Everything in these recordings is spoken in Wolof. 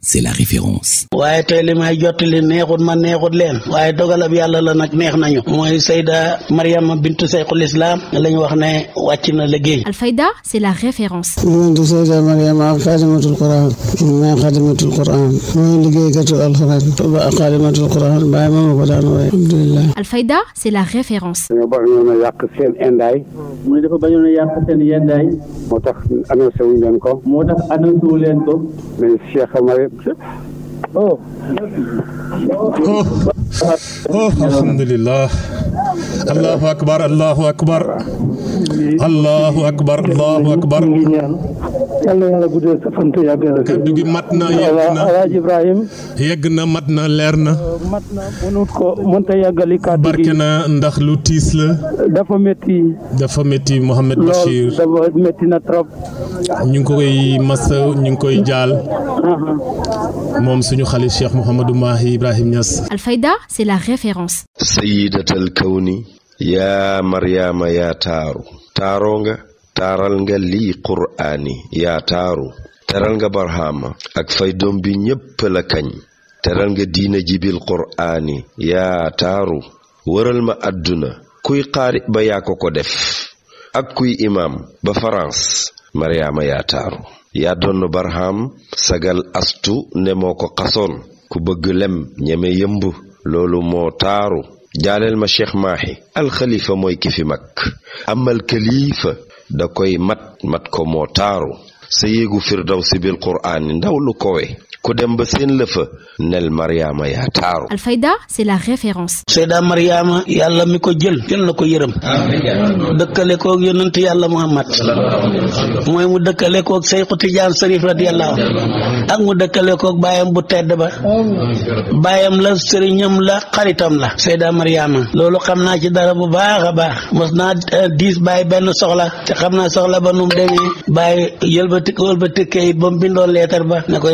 c'est la référence. waaye tey li may jottali neexut ma neexut leen waaye dogalab yàlla la nag neex nañu mooy Sayda Mariama bintu Seyxul Islam la ñu wax ne wàcc na liggéey. Alfayda c'est la référence. moom du Sayda Mariama xaadimatul Quran mooy xaadimatul Quran mooy liggéeykatu alxuraan ba xaadimatul Quran bàyyi ma ma ko daan waaye alhamdulillah. Alfayda c'est la référence. dañoo bañoon a yàq seen indaay. mu ne dafa bañoon a yàq seen yendaay. moo tax annoncé wuñ leen ko. moo tax annoncé wu leen ko. mais Cheikh Amary. Oh. Oh. Oh, alhamdulillah. Allahu akbar, Allahu akbar. Allahu akbar, Allahu akbar. yal na mat na yegg na mat na leer na. mat na mënut barke na ndax lu tiis la. dafa métti. dafa métti na trop. ñu ngi koy massa ñu ngi koy jaal. moom suñu xalis Cheikh Mouhamadou Mahi Ibrahim Niass. Alfayda c'est la référence. Sayyidatal kawni. yaa Mariama yaa taaru. taaroo taaral nga lii qur'aani yaa taaru teral nga barhaama ak fay doom bi ñépp la kañ teral nga diina jibil qur'aani yaa taaru wëral ma àdduna kuy xaari ba yaa ko ko def ak kuy imaam ba farans maryaama yaa taaru yaa donn barham sagal astu ne moo ko xasoon ku bëgg lem ñeme yëmb loolu moo taaru jaaleel ma cheikh maaxi alxalifa mooy ki fi mag amal kalifa da koy mat mat ko moo taaru sa yéegu firdaw si bil quraan ndaw lu kowe ku dem ba seen la fa nel Mariama yaa taaru. Alfayda c'est la référence. Seyda Mariama yàlla mi ko jël jël na ko yërëm. dëkkale koog yonent yàlla Muhammad mooy mu dëkkale koog Seyxu Tijaan Sërif radiyallahu ak mu dëkkale koog baayam bu tedd ba baayam la sëriñam la xaritam la Seyda Mariama loolu xam naa ci dara bu baax a baax mos naa euh, diis bàyyi benn soxla te xam naa soxla ba nu mu demee bàyyi yëlbati wëlbati kayit ba mu bindoon leetar ba ne ko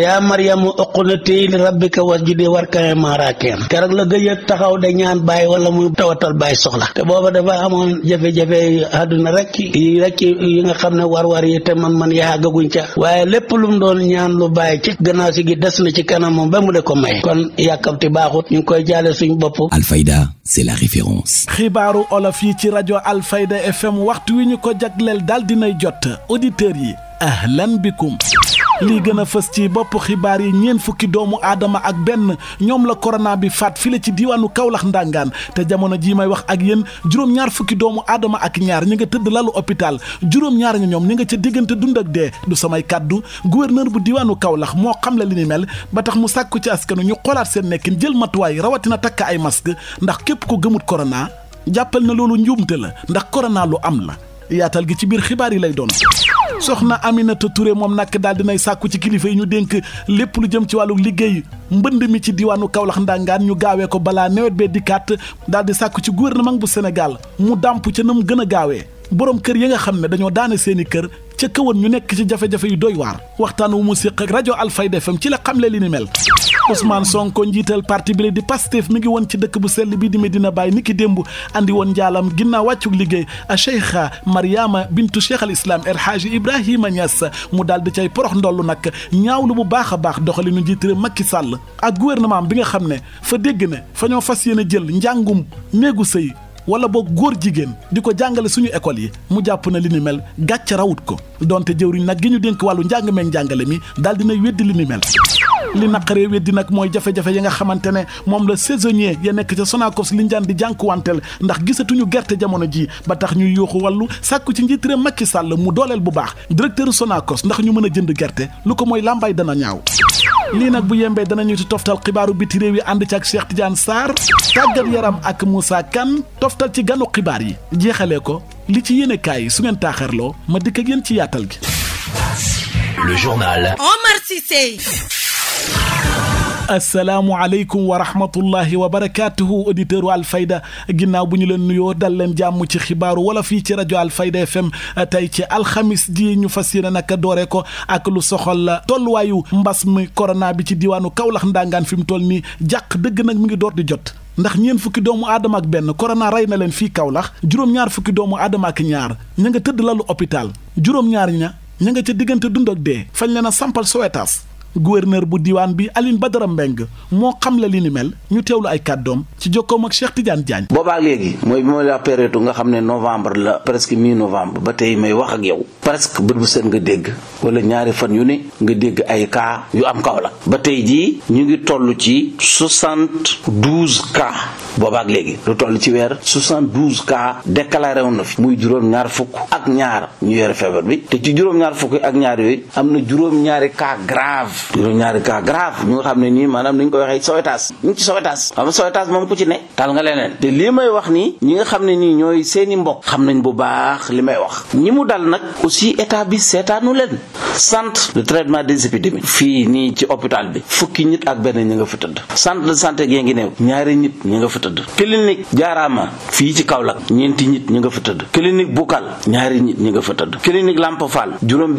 maryamu uqnutii li rabbika wasjudi warka'i ma'a raaki'iin keroog la gëj a taxaw da ñaan baay wala muy tawatal baay soxla te booba dafa amoon jafe-jafe àdduna rek yi rek yi nga xam ne war-war yi te man man yaa gaguñ ca waaye lépp lu doon ñaan lu baay ci gannaaw si gi des na ci kanam ba mu de ko may kon yàkkamti baaxut ñu ngi koy jaale suñ bopp. Alfayda c'est la référence. xibaaru olof yi ci rajo Alfayda FM waxtu wi ñu ko jagleel daal dinay jot auditeurs yi ahlan bikum lii gën fës ci bopp xibaar yi ñeent fukki doomu aadama ak benn ñoom la corona bi faat file ci diiwaanu Kaolack ndàngaan te jamono jii may wax ak yéen juróom-ñaar fukki doomu aadama ak ñaar ñi nga tëdd lalu hôpital juróom-ñaar ñi ñoom ñi nga ca diggante dund ak dee du samay kàddu gouverneur bu diiwaanu kawlax moo xam la li ni mel ba tax mu sàkku ci askanu ñu xoolaat seen nekkin jël matuwaay rawatina takk ay masque ndax képp ko gëmut corona jàppal na loolu njuumte la ndax corona lu am la yaatal gi ci biir xibaar yi lay doon soxna Aminata Touré moom nag daal dinay sàkku ci kilifa yi ñu dénk lépp lu jëm ci wàllu liggéey mbënd mi ci diwaanu Kaolack ndangaan ñu gaawee ko balaa nawet bee dikkaat daal di sàkku ci na mag bu Sénégal mu dàmp ca na mu gën a gaawee borom kër yi nga xam ne dañoo daane seeni kër ca kawoon ñu nekk ci jafe-jafe yu doy waar waxtaanu wu mu séq ak rajo Alfayda FM ci la xamle li ni mel Ousmane Sonko njiital parti bi di Pastef mi ngi woon ci dëkk bu sell bi di Medina Baye niki démb andi woon njaalam ginnaaw wàccug liggéey a Cheikha Mariama bintu Cheikh al Islam El Hadji Ibrahima Niass mu daal di cay porox ndollu nag ñaawlu bu baax a baax doxalinu njiit makki Macky Sall ak gouvernement bi nga xam ne fa dégg ne fa ñoo fas yéene jël njàngum néegu sëy wala boog góor jigéen di ko jàngale suñu école yi mu jàpp na li ni mel gàcce rawut ko donte jëwriñ nag gi ñu dénk wàllu njàng meeg njàngale mi daal dinay weddi li ni mel li naqaree weddi nag mooy jafe-jafe yi nga xamante ne moom la saisonnier ya nekk ca Sonacos li njaan di jànk jànkuwanteel ndax gisatuñu gerte jamono ji ba tax ñuy yuuxu wàllu sàkku ci njiit réew Macky Sall mu dooleel bu baax directeur Sonacos ndax ñu mën a jënd gerte lu ko mooy làmbaay dana ñaaw lii nag bu yembee danañu ci toftal xibaaru biti réew yi ànd ci ak Cheikh Tidiane Sarr tàggat yaram ak Moussa kan toftal ci ganu xibaar yi jeexalee ko li ci yéene yi su ngeen taaxeerloo ma dikk ak yéen ci yaatal gi. Le journal. Omar Cissé. asalaamualeykum wa rahmatullahi wa barakaatuhu auditeur u Alfayda ginnaaw bu ñu leen nuyoo dal leen jàmm ci xibaaru wala fii ci rajo Alfayda FM tey ci alxamis ji ñu fas yéene nag doore ko ak lu soxal tolluwaayu mbas mi corona bi ci diwaanu Kaolack ndangaan fi mu toll nii jàq dëgg nag mi ngi door di jot. ndax ñeen fukki doomu aadama ak benn corona rey na leen fii Kaolack juróom-ñaar fukki doomu aadama ak ñaar ña tëdd lalu hôpital juróom-ñaar ña ña nga ca diggante dund ak fañ leen a sampal sowetaas gouverneur bu diwaan bi alin Alioune Badara Mbengue moo xam la li ni mel ñu teew teewlu ay kàddoom ci jokkoom ak Cheikh Tidiane Diagne. boobaa léegi mooy bi ma la période nga xam ne novembre la presque mi novembre ba tey may wax ak yow presque bët bu set nga dégg wala ñaari fan yu ne nga dégg ay kaa yu am kaw la ba tey jii ñu ngi toll ci soixante douze cas boobaak léegi lu toll ci weer soixante douze cas déclaré woon na fi muy juróom-ñaar fukk ak ñaar ñu yore feebar bi te ci juróom-ñaar fukk ak ñaar am na juróom-ñaari cas grave juróom-ñaari cas ñu nga xam ne nii maanaam ni ñu koy waxee sowetaas ñu ngi ci sowetaas xam nga sowetaas moom ku ci ne tal nga leneen te lii may wax nii ñi nga xam ne nii ñooy seeni mbokk xam nañ bu baax li may wax ñi mu dal nag aussi état bi seetaanu leen sant de traitement des épidémies fii nii ci hôpital bi fukki nit ak benn ñi nga fa tëdd sant de santé yaa ngi néew ñaari nit ñi nga fa tëdd clinique jaaraama fii ci Kaolack ñeenti nit ñi nga fa tëdd clinique Bukal ñaari nit nga fa tëdd clinique Lamp Fall juróom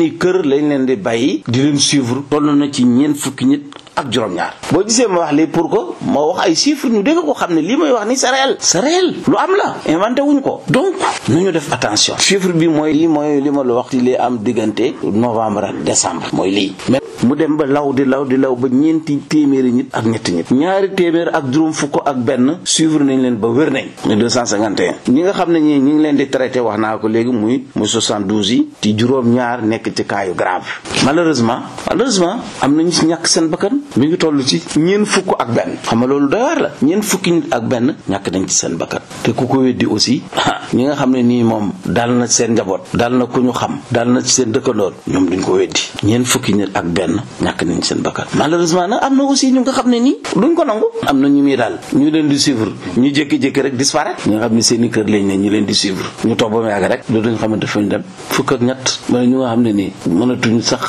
seeni kër lañ leen di bàyyi di leen suivre na ci ñeent fukki nit ak juróom-ñaar boo gisee ma wax lii pour que ma wax ay chiffres ñu dégg ko xam ne lii may wax ni c'est réel lu am la inventé wuñ ko donc ñu def attention chiffre bi mooy lii mooy li ma la wax ci li am diggante novembre ak décembre mooy lii mu dem ba law di law di law ba ñeenti téeméeri nit ak ñetti nit ñaari téeméer ak juróom fukk ak benn suivre nañ leen ba wér nañ ne 251 ñi nga xam ne ñi ñi ngi leen di traité wax naa ko léegi muy muy 72 yi ci juróom-ñaar nekk ci cas am nañu si ñàkk seen bakkan mi ngi toll ci ñeent fukk ak benn xam nga loolu doy waar la ñeent fukki nit ak benn ñàkk nañ ci seen bakkat te ku ko weddi aussi ñi nga xam ne nii moom dal na seen njaboot dal na ku ñu xam dal na seen dëkkandoor ñoom duñ ko weddi ñeent fukki nit ak benn ñàkk nañ seen bakkan malheureusement nag am na aussi ñu nga xam ne nii duñ ko nangu am ñu muy daal ñu leen di suivre ñu jékki-jékki rek disparaître ñi nga xam ne seen i kër lañ ne ñu leen di suivre ñu toog ba mu yàgg rek loolu dañ xamante fu ñu dem fukk ak ñett wala ñu nga xam ne nii mënatuñ sax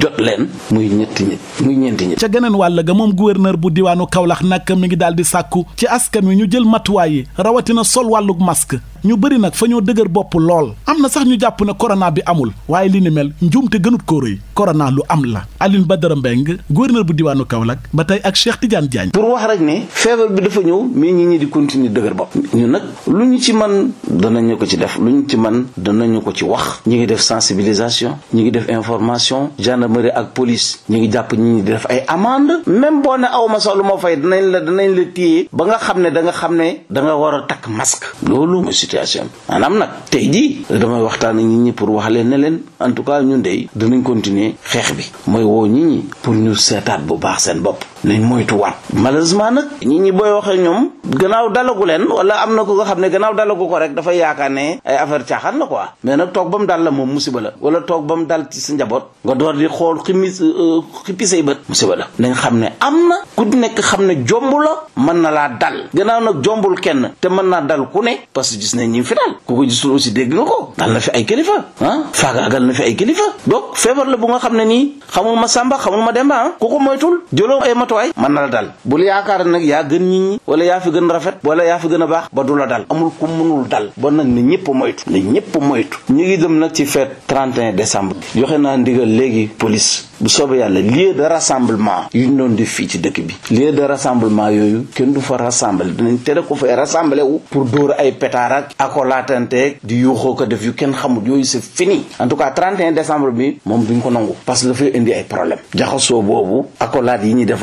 jot leen muy ñetti nit muy ñeenti nit geneen wàll ga moom gouverneur bu diwaanu Kaolack nag mi ngi daal di sàkku ci askan wi ñu jël matuwaay yi rawatina sol wàllug masque ñu bëri nag fa ñoo dëgër bopp lool am na sax ñu jàpp ne corona bi amul waaye li ni mel njuum te gënut koo rëy corona lu am la ba Badara Mbeng gouverneur bu diwaanu kaw Kaolack ba tey ak Cheikh Tidiane Diagne. pour wax rek ne feebar bi dafa ñëw mais ñi ñi di continuer dëgër bopp ñu nag lu ñu ci man ñu ko ci def lu ñu ci man danañu ko ci wax ñu ngi def sensibilisation ñu ngi def information gendarmerie ak police ñu ngi jàpp ñu ñi di def ay amande même boo ne aw ma sax fay danañ la danañ la ba nga xam ne da xam ne da war a takk masque situation bi maanaam nag tey jii damay waxtaan a nit ñi pour wax leen ne leen en tout cas ñun dey dinañ continuer xeex bi mooy woo ñii ñi pour ñu seetaat bu baax seen bopp nañ moytuwaat malheureusement nag ñi ñi booy wax ak ñoom gannaaw dalagu leen wala am na ko nga xam ne gannaaw dalagu ko rek dafay yaakaar ne ay affaire caaxaan la quoi mais nag toog ba mu dal la moom musiba la wala toog ba mu dal ci sa njaboot nga door di xool ximis euh, la nañ xam ne am na ku nekk xam ne jomb la mën na laa dal gannaaw nag jombul kenn te mën naa dal ku ne parce que gis nañ ñi fi dal ku ko gisul aussi dégg nga ko dal na fi ay kilifa ah faagaagal na fi ay kilifa donc feebar la bu nga xam ne nii xamul ma sàmba xamul ma demba ah ku ko moytul jëloo ay matuwaay mën na la dal bul yaakaar nag yaa gën nit ñi yaa fi gën a baax ba du la dal amul ku mënul dal bon nag ne ñëpp moytu ne ñëpp moytu ñu ngi dem nag ci fête 31 décembre joxe bu soobee yàlla lieu de rassemblement yu ñu doon def fii ci dëkk bi lieu de rassemblement yooyu kenn du fa rassembler dinañ tere ko fay rassembler wu pour dóor ay pétard ak akolatanteeg di yuuxoo ko def yu kenn xamut yooyu c'est fini en tout cas 31 décembre bi moom duñ ko nangu parce que dafay indi ay problème jaxasoo boobu akolaat yi ñuy def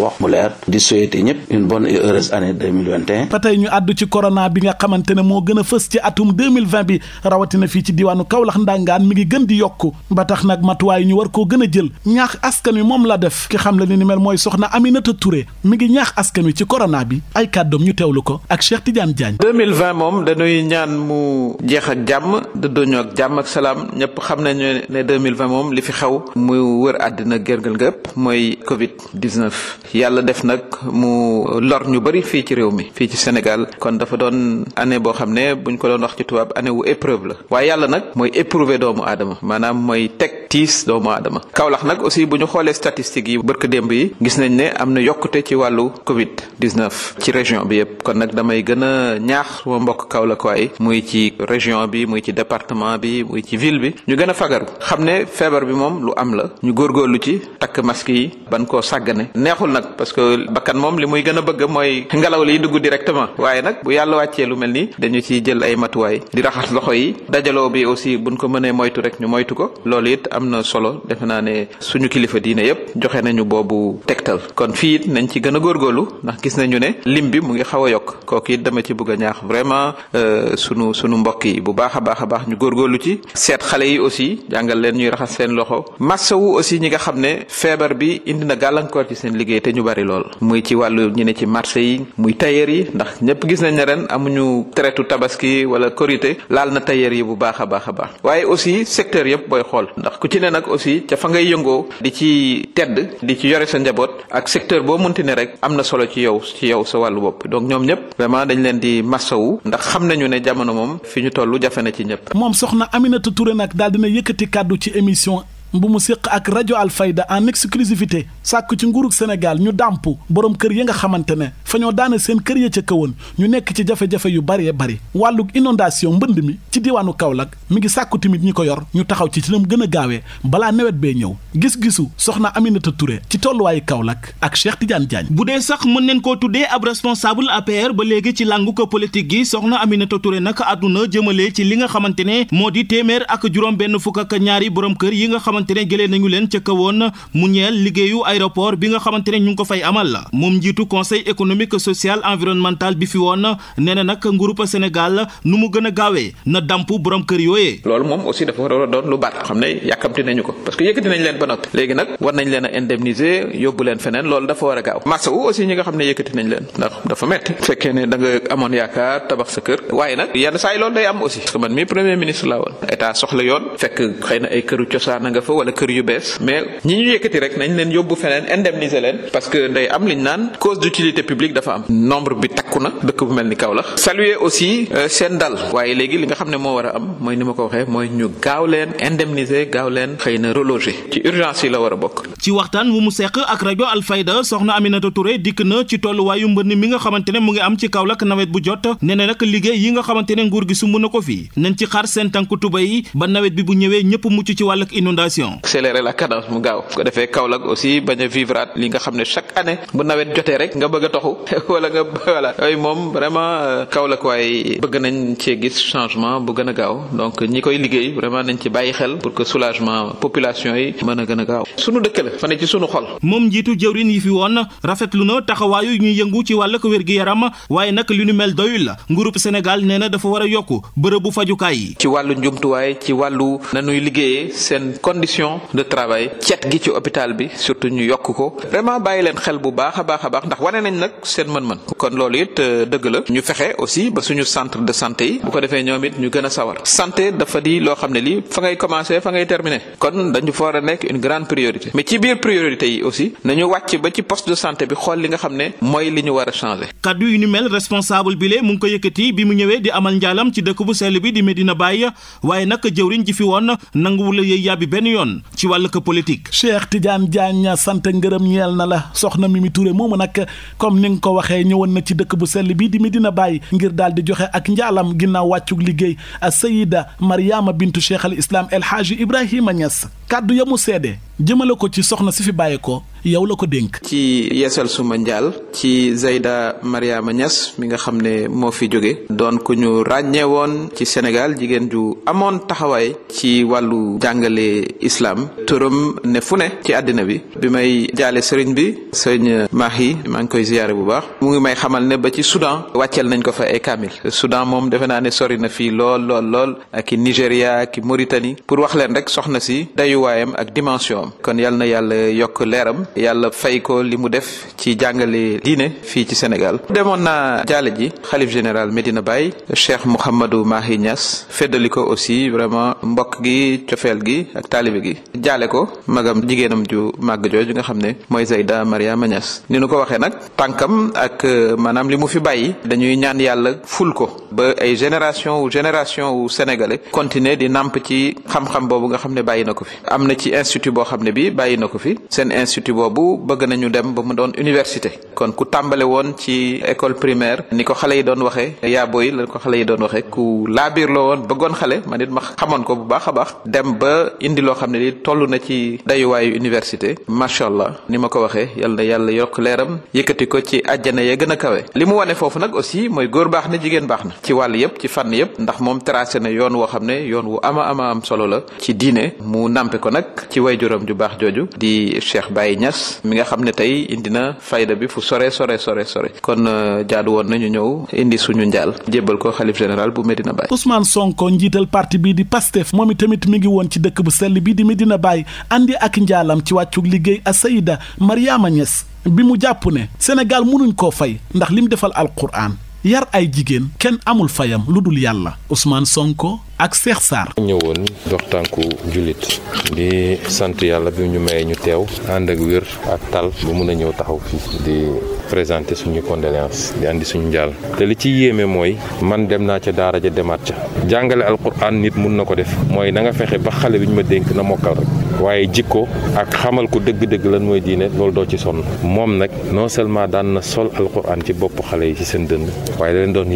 ko wax mu leer di souhaiter ñëpp une bonne et heureuse année 2021. ba tey ñu àddu ci corona bi nga xamante ne moo gën a fës ci atum 2020 bi rawatina fii ci diwaanu Kaolack ndangaan mi ngi gën di yokk ba tax nag matuwaay ñu war koo gën a jël ñaax askan wi moom la def ki xam la ni ni mel mooy soxna Aminata Touré mi ngi ñaax askan wi ci corona bi ay kàddoom ñu teewlu ko ak Cheikh Tidiane Diagne. 2020 moom dañuy ñaan mu jeex ak jàmm dëddoo ñu ak jàmm ak salaam ñëpp xam nañu ne 2020 moom li fi xew mu wër àddina gërgël ngëpp mooy Covid 19. yàlla def nag mu lor ñu bëri fii ci réew mi fii ci Sénégal kon dafa doon année boo xam ne buñ ko doon wax ci tubaab année wu épreuve la waaye yàlla nag mooy éprouver doomu aadama maanaam mooy teg tiis doomu adama Kaolack nag aussi bu ñu xoolee statistiques yi bërk démb yi gis nañ ne am na yokkute ci wàllu Covid 19 ci région bi yëpp kon nag damay gën a ñaax suma mbokk Kaolack waay muy ci région bi muy ci département bi muy ci ville bi ñu gën a fagaru xam feebar bi moom lu am la ñu góorgóorlu ci takk masque yi ban koo nag parce que bakkan moom li muy gën a bëgg mooy ngelaw liy dugg directement waaye nag bu yàlla wàccee lu mel ni dañu ciy jël ay matuwaay di raxas loxo yi dajaloo bi aussi buñ ko mënee moytu rek ñu moytu ko loolu it am na solo defe naa ne suñu kilifa diine yépp joxe nañu boobu tegtal kon fii nañ ci gën a góorgóorlu ndax gis nañu ne lim bi mu ngi xaw a yokk kooku yi dama ci bëgg a ñaax vraiment euh, sunu sunu mbokk yi bu baax a baax a baax ñu góorgóorlu ci seet xale yi aussi jàngal leen ñuy raxas seen loxo massawu aussi ñi nga xam ne feebar bi indi na gàllankoor ci seen liggéey te ñu bari lool muy ci wàllu ñu ne ci marché yi muy tailleur yi ndax ñëpp gis nañ ne ren amuñu traitu tabaski wala korité laal na tailleur yi bu baax a baax a baax waaye aussi secteur yëpp booy xool ndax ku ci ne nag aussi ca fa ngay yëngoo di ci tedd di ci yore sa njaboot ak secteur boo munti ne rek am na solo ci yow ci yow sa wàllu bopp donc ñoom ñëpp vraiment dañ leen di massawu ndax xam nañu ne jamono moom fi ñu tollu jafe na ci ñëpp. moom soxna Aminata ci émission bu mu séq ak rajo Alfayda en exclusivité sàkk ci nguurug Sénégal ñu dàmp borom kër yi nga xamante ne fa ñoo daane seen kër ya ca kawoon ñu nekk ci jafe-jafe yu baree bari wàllug inondation mbënd mi ci diwaanu Kaolack mi ngi sàkku tamit ñi ko yor ñu taxaw ci ci lam gën a gaawee balaa nawet bee ñëw gis-gisu soxna Aminata Touré ci tolluwaayu Kaolack ak Cheikh Tidiane Diagne bu dee sax mën neen koo tuddee ab responsable APR ba léegi ci làngu ko politique gi soxna Aminata Touré nag àdduna jëmale ci li nga xamante ne moo di téeméer ak juróom benn fukk ak borom kër yi nga xamante xamante ne jëlee nañu leen ca kawoon mu ñeel liggéeyu aéroport bi nga xamante ne ñu ngi ko fay amal moom njiitu conseil économique social environnemental bi fi woon nee na nag nguurub Sénégal nu mu gën a gaawee na damp borom kër yooyee. loolu moom aussi dafa war a doon lu baat xam ne yàkkamti nañu ko parce que yëkkati nañ leen ba noppi léegi nag war nañ leen a indemniser yóbbu leen feneen loolu dafa war a gaaw massa wu aussi ñi nga xam ne yëkkati nañ leen ndax dafa metti fekkee ne am aussi parce que man mi premier ministre na fa wala kër yu bees mais ñi ñu yëkkati rek nañ leen yóbbu feneen indemniser leen parce que am liñ naan cause d'utilité publique dafa am nombre bi takku na dëkk bu mel ni euh, li nga xam ne moo war a am ni ma ko waxee mooy ñu gaaw leen indemniser gaaw leen xëy na reloger ci urgence la war a bokk. ci waxtaan wu mu seq ak rajo Alfayda soxna Aminata Touré dikk na ci tolluwaayu mbënn mi nga xamante ne mu ngi am ci Kaolack nawet bu jot nee na liggéey yi nga xamante ne nguur gi sumb na k fii nañ ci xaar seen yi ba nawet bi bu ñëwee ñëpp mucc ci wàllug inondation production. accélérer la cadence mu gaaw bu ko defee Kaolack aussi bañ a vivre at li nga xam ne chaque année bu nawet jotee rek nga bëgg a toxu wala nga voilà yooyu moom vraiment euh, Kaolack waaye bëgg nañ a gaaw donc ñi koy liggéey vraiment ci bàyyi xel pour que soulagement population yi mën a gën a gaaw sunu dëkk la fa ne ci sunu xol. moom njiitu jëwrin yi fi woon rafetlu na taxawaayu ñuy yëngu ci wàllug wér-gi-yaram waaye nag li nu mel doyul la nguurub Sénégal nee na dafa war a yokk bërëbu fajukaay conditions de travail cet gi ci hôpital bi surtout ñu yokk ko vraiment bàyyi leen xel bu baax a baax a baax ndax wane nañ nag seen mën-mën kon loolu it euh, dëgg la ñu fexe aussi ba suñu centre de santé yi bu ko defee ñoom it ñu gën a sawar santé dafa di loo xam ne lii fa ngay commencer fa ngay terminer kon dañu fa war a nekk une grande priorité mais ci biir priorité yi aussi nañu wàcc ba ci poste de santé bi xool li nga xam ne mooy li ñu war a changer. kaddu yu ni mel responsable yoon ci wàllug politique. Cheikh Tidiane Diagne sant ngërëm ñeel na la soxna Mimi Touré moomu nag comme ni nga ko waxee ñëwoon na ci dëkk bu sell bii di mi dina bàyyi ngir daal di joxe ak njaalam ginnaaw wàccug liggéey Sayida Mariama bintu Cheikh al Islam El Hadji kàddu ya mu seede jëmale ko ci soxna si fi bàyyi ko yow la ko dénk. ci yeesal suma njaal ci Zeyda Mariama Niass mi nga xam ne moo fi jóge doon ku ñu ràññee woon ci Sénégal jigéen ju amoon taxawaay ci wàllu jàngale islam turam ne fu ne ci àddina bi bi may jaale sëriñ bi sëriñ Mahi maa ngi koy ziyaare bu baax mu ngi may xamal ne ba ci Soudan wàccel nañ ko fa ay kaamil Soudan moom defe naa ne sori na fii lool lool lool ak i Nigéria ak i pour wax leen rek soxna si dayuwaayam ak dimension xam kon yal na yàlla yokk leeram yàlla fay ko li mu def ci jàngale diine fii ci Sénégal demoon na jaale ji xalif général Medina Baye Cheikh Mouhamadou Mahi Niass feddali ko aussi vraiment mbokk gi cofeel gi ak taalibe gi jaale ko magam jigéenam ju màgg jooju nga xam ne mooy Zeyda Mariama Niass ni nu ko waxee nag tànkam ak euh, maanaam li mu fi bàyyi dañuy ñaan yàlla ful ko ba ay génération wu génération wu sénégalais continuer di nàmp ci xam-xam boobu nga xam ne bàyyi na ko fi am na ci xam bàyyi na ko fi seen institut boobu bëgg nañu dem ba mu doon université kon ku tàmbale woon ci école primaire ni ko xale yi doon waxee yaabo yi la ko xale yi doon waxee ku laabiir la woon bëggoon xale man it ma xamoon ko bu baax a baax dem ba indi loo xam ne li toll na ci dayuwaayu université macha allah ni ma ko waxee yal na yàlla yokk leeram yëkkati ko ci àjjana yee gën a kawe li mu wane foofu nag aussi mooy góor baax na jigéen baax na ci wàll yëpp ci fànn yëpp ndax moom tracé na yoon woo xam ne yoon wu ama ama am solo la ci diine mu nampe ko nag ci wayjuram ju baax jooju di Cheikh Baye Niass mi nga xam ne tey indi na fayda bi fu sore sore sore sore kon euh, jaadu woon nañu ñëw indi suñu njaal jébbal ko xalif général bu Medina Baye. Ousmane Sonko njiital parti bii di Pastef moom itamit mu ngi woon ci dëkk bu sell bii di Medina bàyyi andi ak njaalam ci wàccu liggéey Asayida Mariama Niass bi mu jàpp ne Sénégal mënuñ koo fay ndax lim defal alquran yar ay jigéen kenn amul fayam lu dul yàlla Ousmane Sonko. ak Cheikh Sarr. ñëwoon dox tànku jullit di sant yàlla bi ñu may ñu teew ànd ak wér ak tal ba mën a ñëw taxaw fii di présenter suñu condoléance di andi suñu njaal te li ci yéeme mooy man dem naa ca daara ja demaat ca jàngale al alquran nit mun na ko def mooy nanga fexe ba xale bi ñu ma dénk na mokkal rek waaye jikko ak xamal ko dëgg-dëgg lan mooy diine loolu doo ci sonn moom nag non seulement daan na sol alquran ci bopp xale yi ci seen dënd waaye leen doon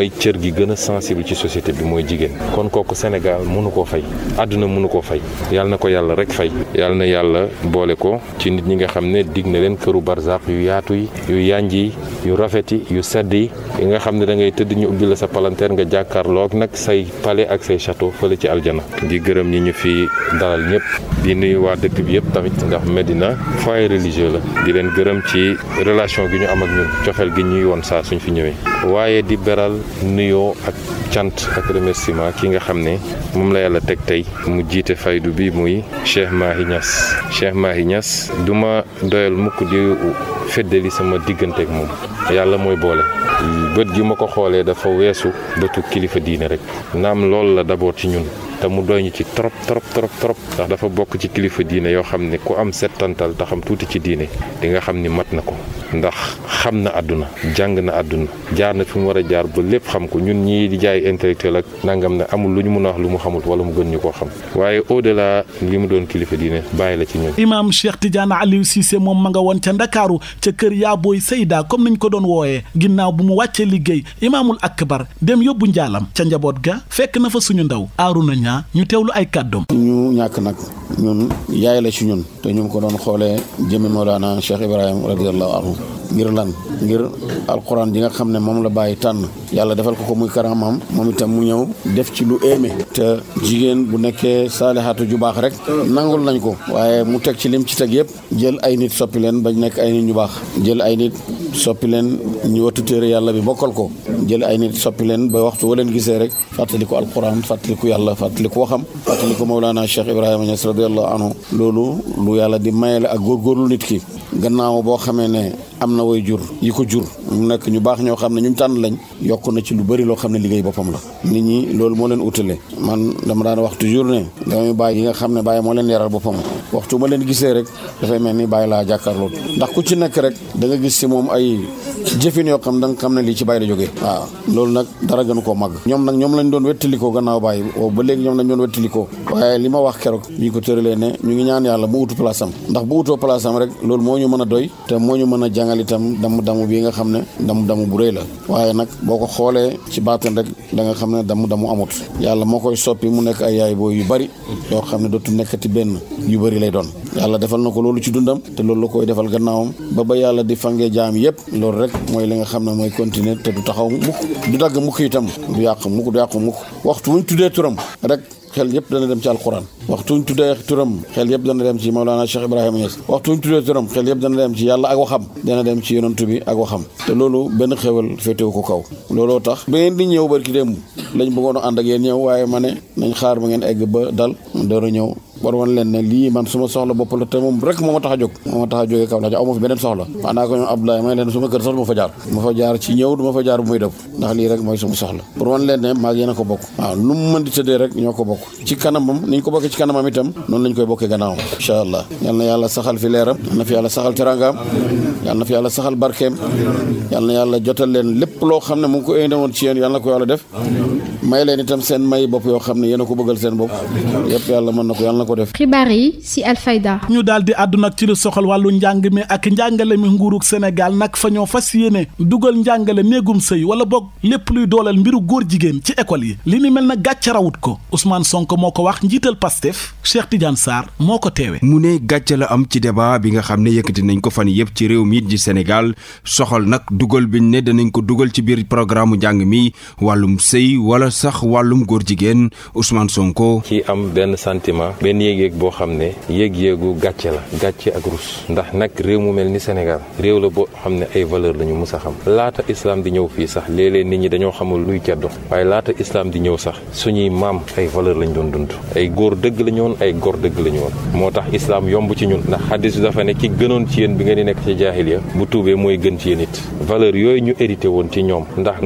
mooy cër gi gën a sensible ci société bi mooy jigéen kon kooku Sénégal mënu koo fay àdduna mënu koo fay yàlla na ko yàlla rek fay yàlla na yàlla boole ko ci nit ñi nga xam ne digg na leen këru barzaq yu yaatu yi yu yànj yi yu rafet yi yu sedd yi yi nga xam ne da ngay tëdd ñu ubbi la sa palanteer nga jàkkaarloog nag say palais ak say château fële ci aljana di gërëm ñi ñu fi dalal ñëpp di nuyu waa dëkk bi yëpp tamit ndax Medina foyer religieux la di leen gërëm ci relation gi ñu am ak ñun cofeel woon saa suñ fi ñëwee nuyoo ak cant ak remerciement ki nga xam ne moom la yàlla teg tey mu jiite faydu bi muy Cheikh Mahi Niass Cheikh Mahi Niass du ma doyal mukk di feddali sama diggante ak moom yàlla mooy boole bët gi ma ko xoolee dafa weesu bëtu kilifa diine rek naam loolu la d'abord ci ñun te mu doy ci trop trop trop trop ndax dafa bokk ci kilifa diine yoo xam ne ku am settantal taxam tuuti ci diine di nga xam ni mat na ko ndax xam na àdduna jàng na àdduna jaar na fi mu war a jaar ba lépp xam ko ñun ñii di jaay intellectuel ak nangam ne amul lu ñu mun a wax lu mu xamul wala mu gën ñu koo xam waaye au delà li mu doon kilifa diine bàyyi la ci ñun. imaam Cheikh Tidiane Aliou Cissé moom ma nga woon ca Ndakaaru ca kër Yaaboy Seyda comme niñ ko doon wooyee ginnaaw bu mu wàccee liggéey imaamul akbar dem yóbbu njaalam ca njaboot ga fekk na fa suñu ndaw aaru Niang ñu teewlu ay kàddoom. ñu ñàkk nag ñun yaay la ci ñun te ñu ko doon xoolee jëmmi Mawlana Cheikh Ibrahima radiyallahu anhu ngir lan ngir alquran ji nga xam ne moom la bàyyi tànn yàlla defal ko ko muy karaamam moom itam mu ñëw def ci lu éeme te jigéen bu nekkee saalihaatu ju baax rek nangul nañ ko waaye mu teg ci lim ci teg yëpp jël ay nit soppi leen bañ nekk ay nit ñu baax jël ay nit soppi leen ñu wattu téere yàlla bi bokkal ko jël ay nit soppi leen ba waxtu wa leen gisee rek fàttaliku alquran fàttaliku yàlla fàttaliku fàttali ko waxam fàttali ko Mawlana Cheikh Ibrahima Niass radiallahu anhu loolu lu yàlla di maye la ak góorgóorlu nit ki gannaaw boo xamee ne am na way jur yi ko jur mu nekk ñu baax ñoo xam ne ñu tànn lañ yokk na ci lu bëri loo xam ne liggéey boppam la nit ñi loolu moo leen utale man dama daan wax toujours ne damay bàyyi yi nga xam ne bàyyi moo leen yaral boppam waxtu ma leen gisee rek dafay mel ni bàyyi laa jàkkaarloo ndax ku ci nekk rek danga gis si moom ay jëfin yoo xam da xam ne lii ci bàyyi la jógee waaw loolu nag dara gënu koo màgg ñoom nag ñoom lañ doon ñoom dañ doon wettilikoo waaye li ma wax keroog bi ko tëralee ne ñu ngi ñaan yàlla mu utu place am ndax bu utoo place am rek loolu moo ñu mën a doy te moo ñu mën a jàngal itam damu damu bi nga xam ne damu damu bu rëy la waaye nag boo ko xoolee ci baatin rek da nga xam ne damu damu amut yàlla moo koy soppi mu nekk ay yaay booy yu bari yoo xam ne dootu nekkati benn yu bari lay doon yàlla defal na ko loolu ci dundam te loolu la koy defal gannaawam ba ba yàlla di fangee jaam yépp loolu rek mooy li nga xam ne mooy continuer te du taxaw mukk du dagg mukk xel yëpp dana dem ci alquran waxtu ñu tuddee turam xel yëpp dana dem ci Maulana Cheikh Ibrahima Niass waxtu ñu tuddee turam xel yépp dana dem ci yàlla ak waxam dana dem ci yonantu bi ak waxam te loolu benn xewal féetewu ko kaw looloo tax ba ngeen di ñëw barki démb lañ bëggoon a ànd ak yéen ñëw waaye ma ne nañ xaar ba ngeen egg ba dal doora ñëw war woon leen ne lii man suma soxla bopp la te moom rek moo ma tax a jóg moo ma tax a jógee Kaolack aw ma fi beneen soxla maanaa ko ñoom Abdoulaye may leen suma kër sax du ma soxla pour wan leen ne maa yéen a ko bokk waaw lu mu mën di tëddee rek ñoo ko bokk ci kanamam ni ñu ko bokkee ci kanamam itam noonu lañ koy bokkee gannaawam incha allah yàlla saxal fi leeram yal na fi yàlla saxal terangaam yal na fi yàlla saxal barkeem yal na yàlla jotal leen lépp loo xam ne mu ngi ko indi woon ci yéen yal na ko yàlla def may leen itam seen may bopp yoo xam ne yéen a ko bëggal seen bopp yëpp yàlla mën na ko def. xibaar yi si Alfayda. ñu daal di àddu nag ci lu soxal wàllu njàng mi ak njàngale mi nguurug Sénégal nag fa ñoo fas yéene dugal njàngale néegum sëy wala boog lépp luy dooleel mbiru góor jigéen ci école yi li ni mel na gàcce rawut ko Ousmane Sonko moo ko wax njiital Pastef Cheikh Tidiane saar moo ko teewee. mu ne gàcce la am ci débat bi nga xam ne yëkkati nañ ko fan yëpp ci réew mi di Sénégal soxal nag dugal bi ne danañ ko dugal ci biir programme njàng mi wàllum sëy wala sax wàllum góor jigéen yéeg-yéeg boo xam ne yéeg-yéegu gàcce la gàcce ak rus ndax nag réew mu mel ni Sénégal réew la boo xam ne ay valeur la ñu mus a xam laata islam di ñëw fii sax léeg-léeg nit ñi dañoo xamul luy ceddo waaye laata islam di ñëw sax suñuy maam ay valeur lañ doon dund ay góor dëgg la ñu woon ay góor dëgg la ñu woon moo tax islam yomb ci ñun ndax xaddis bi dafa ne ci gënoon ci yéen bi ngeen di nekk ci jaahiliya bu tuubee mooy gën ci yéen it valeur yooyu ñu hérité woon ci ñoom ndax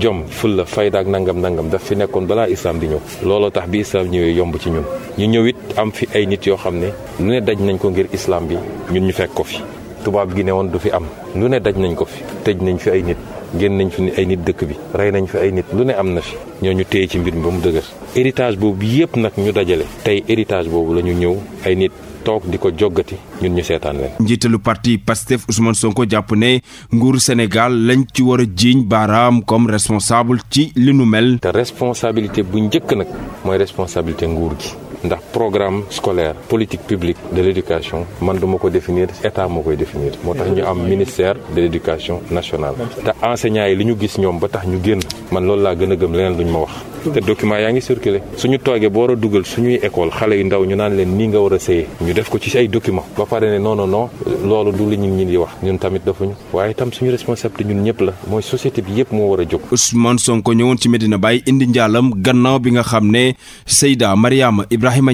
jom fulla fayda ak nangam nangam daf fi nekkoon balaa islam di ñëw tax bi yomb ci ñu am fi ay nit yoo xam ne nu ne daj nañ ko ngir islaam bi ñun ñu fekk ko fi tubaab gi ne woon du fi am nu ne daj nañ ko fi tëj nañ fi ay nit génn nañ fi ay nit dëkk bi rey nañ fi ay nit lu ne am na fi ñoo ñu téye ci mbir mi ba mu dëgër héritage boobu yëpp nag ñu dajale tey héritage boobu la ñu ñëw ay nit toog di ko joggati ñun ñu seetaan leen. njiitalu parti Pastef Ousmane ko jàpp ne nguur Sénégal lañ ci war a jiiñ baaraam comme responsable ci li mel. te responsabilité bu njëkk nag mooy responsabilité nguur gi. ndax programme scolaire politique publique de l'éducation man du ma ko définir état moo koy définir moo tax ñu am ministère de l'éducation nationale te enseignants yi li ñu gis ñoom ba tax ñu génn man loolu laa gën a gëm leneen lu ñu ma wax te document yaa ngi circulé suñu toogee boo war a dugal suñuy école xale yu ndaw ñu naan leen nii nga war a séyee ñu def ko ci ay document ba pare ne non non non loolu du li ñun ñi di wax ñun tamit dafuñu waaye itam suñu responsabilité ñëpp la mooy société bi yëpp moo war a jóg Ousmane Sonko bi nga xam ne Seyda Ibrahima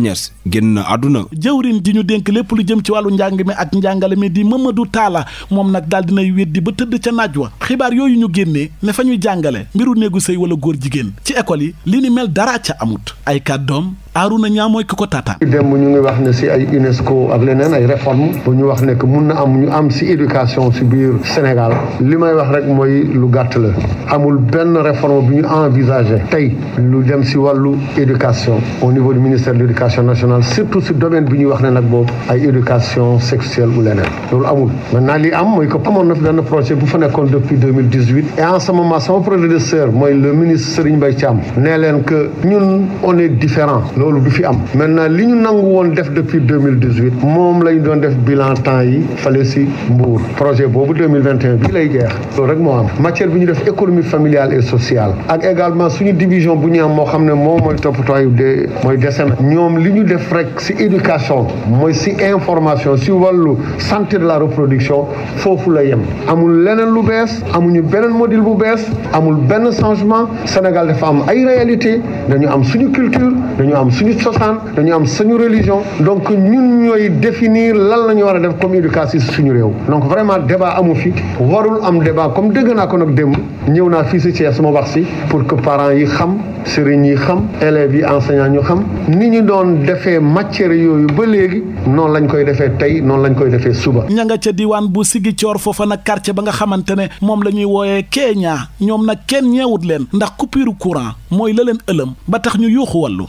génn na àdduna jëwrin ji ñu dénk lépp lu jëm ci wàllu njàng mi ak njàngale mi di Mamadou taala moom nag daal dinay di ba tëdd ca naaj wa xibaar yooyu ñu génnee ne fa ñuy jàngale mbiru néegu sëy wala góor jigéen ci école yi li ni mel dara ca amut ay kàddoom Arouna Niang mooy ki ko taataan. dem ñu ngi wax ne si ay UNESCO ak leneen ay réforme bu ñu wax ne que mun na am ñu am si éducation si biir Sénégal li may wax rek mooy lu gàtt la amul benn réforme bu ñu envisagé tey lu dem si wàllu éducation au niveau du ministère de l' éducation nationale surtout si domaine bi ñuy wax ne nag boobu ay éducation sexuelle ou leneen loolu amul. maintenant li am mooy que amoon na fi benn projet bu fa nekkoon depuis deux mille dix huit et en ce moment sama prédécesseur mooy le ministre Serigne Mbaye Thiam nee leen que ñun on différent. loolu du fi am maintenant li ñu nangu woon def depuis 2018 moom lañ doon def bilan temps yi fale si mbuur projet boobu 2021 bii lay jeex loolu rek moo am matière bi ñu def économie familiale et sociale ak également suñu division bu ñu am moo xam ne moom mooy toppatooyu de mooy décembre ñoom li ñu def rek si éducation mooy si information si wàllu santé de la reproduction foofu la yem amul leneen lu bees amuñu beneen modile bu bees amul benn changement Sénégal dafa am ay réalité dañu am suñu culture dañu am suñu cosaan dañu am suñu religion donc ñun ñooy définir lan la ñu war a def comme éducation suñu réew donc vraiment débat amu fi warul am débat comme dégg naa ko nag démb ñëw naa fii si Thiès ma wax si pour que parents yi xam sëriñ yi xam élèves yi enseignants ñu xam ni ñu doon defee matière yooyu ba léegi noonu lañ koy defee tey noonu lañ koy defee suba. ña nga ca diwaan bu Ziguinchor foofa nag quartier ba nga xamante ne moom la ñuy wooyee Kenya ñoom nag kenn ñeewut leen ndax coupure courant mooy la leen ëlëm ba tax ñu yuuxu wàllu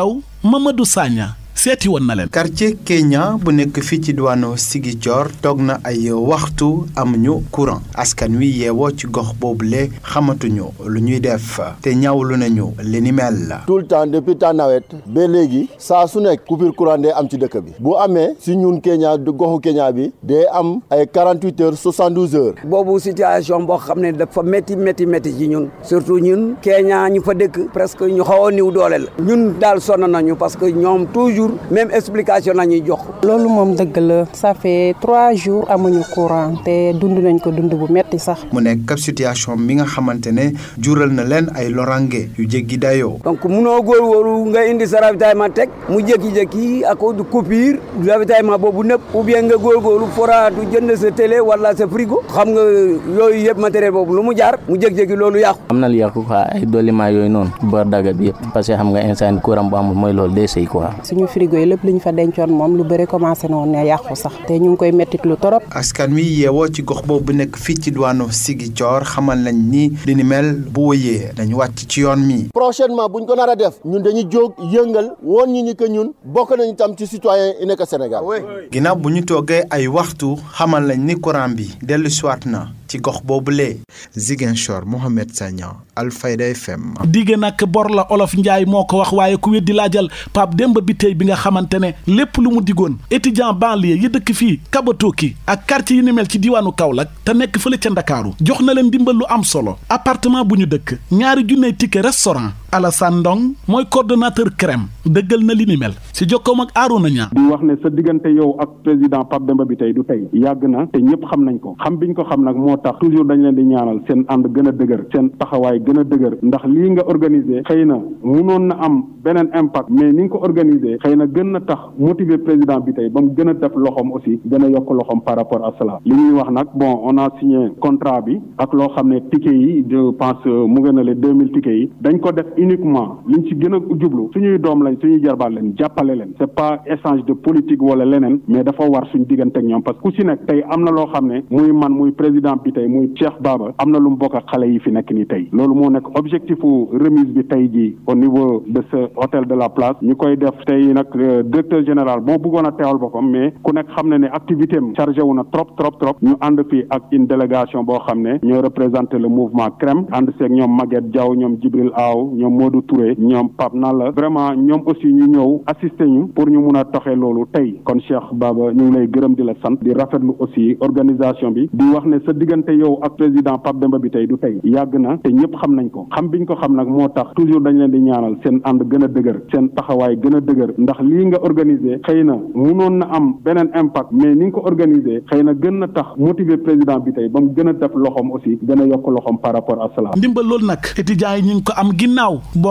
ndaw Mamadou Sagna seeti woon na leen. quartier Kenya bu nekk fii ci diwaanu Ziguinchor toog na ay waxtu ñu courant askan wi yeewoo ci gox boobule xamatuñu lu ñuy def te ñaawlu nañu li ni mel la. tout le temps depuis temps nawet ba léegi saa su nekk coupure courant am ci dëkk bi bu amee si ñun Kenya goxu Kenya bi day am ay 48 heures 72 heures. boobu situation boo xam ne dafa métti métti métti ci ñun surtout ñun Kenya ñu fa dëkk presque ñu xaw a néew doole ñun daal sonn nañu parce toujours même explication la ñuy jox. loolu moom dëgg la ça fait trois jours amuñu courant te dund nañ ko dund bu metti sax. mu nekk ab situation mi nga xamante ne jural na leen ay lorange yu jéggi dayoo. donc munoo góorgóorlu nga indi sa ma teg mu jékki-jékki ako cause de coupure ravitaillement boobu nëpp ou bien nga góorgóorlu foraatu jënd sa télé wala sa frigo xam nga yooyu yëpp matériel boobu lu mu jaar mu jékki-jékki loolu yàqu. am na lu yàqu quoi ay dollimaa yooyu noonu bër daga bi yëpp parce xam nga instant courant bu amul mooy loolu day sëy quoi. frigo lépp li ñu fa dencoon moom lu bëri commencé na woon ne yàqu sax te ñu ngi koy mettit lu torop askan wi yeewoo ci gox boobu nekk fii ci diwaanu Ziguinchor xamal nañ ni li ni mel bu wëyee dañu wàcc ci yoon mi prochainement buñ ko nar a def ñun dañu jóg yëngal woon ñu ni que ñun bokk nañu tam ci citoyen yi nekk Sénégal ginnaaw bu ñu toogee ay waxtu xamal nañ ni courant bi dellu siwaat na ci gox boobu boobulee Ziguinchor Mohamed Sagna Alfayda FM. digg nag bor la olof Njaay moo ko wax waaye ku weddi laajal Pape Demba bi tey bi nga xamante ne lépp lu mu digoon étudiant banlieue yi dëkk fii ki ak quartier yu ni mel ci diiwaanu Kaolack te nekk fële ca Ndakaaru jox na leen ndimbal lu am solo appartement bu ñu dëkk ñaari junney ticket restaurant Alassane mooy coordonnateur CREM. dëggal na li ni mel si jokkoom ak na Niang di wax ne sa diggante yow ak président Pape Demba bi tey du tey yàgg na te ñëpp xam nañ ko xam bi ñu ko xam nag moo tax toujours dañ leen di ñaanal seen ànd gën a dëgër seen taxawaay gën a dëgër ndax lii nga organisé xëy na munoon na am beneen impact mais ni ñu ko organisé xëy na gën na tax motiver président bi tey ba mu gën a def loxoom aussi gën a yokk loxoom par rapport à cela li ñuy wax nag bon on a signé bi ak loo xam ne ticket yi je euh, mu gën a le deux mille yi dañ ko def uniquement liñ ci gën a jublu suñuy doom lañ suñu jarbaal leen jàppale leen c'est pas échange de politique wala leneen mais dafa war suñ diggante ak ñoom parce ku si nekk tey am na loo xam ne muy man muy président bi muy Cheikh Baba am na lu mu bokk xale yi fi nekk nii tey loolu moo nekk objectifu remise bi tey jii au niveau de ce hôtel de la place ñu koy def tey nag euh, directeur général moo bëggoon a teewal boppam mais ku nekk xam na ne activité am chargé wu na trop trop trop ñu ànd fii ak une délégation boo xam ne ñoo représenté le mouvement CREM ànd seeg ñoom Maguette Diaw ñoom Djibril Aw ñoom Modou Touré ñoom Pape Nalla ñoom aussi ñu ñëw assister ñu pour ñu mun a toxee loolu tey kon Cheikh Baba ñu lay gërëm di la sant di rafetlu aussi organisation bi di wax ne sa diggante yow ak président Pape Demba bi tey du tey yàgg na te ñëpp xam nañ ko xam bi biñ ko xam nag moo tax toujours dañ leen di ñaanal seen ànd gën a dëgër seen taxawaay gën a dëgër ndax lii nga organiser xëy na munoon na am beneen impact mais ni nga ko organiser xëy na gën na tax motiver président bi tey ba mu gën a def loxoom aussi gën a yokk loxoom par rapport à cela ndimbal loolu nag ko am ginnaaw boo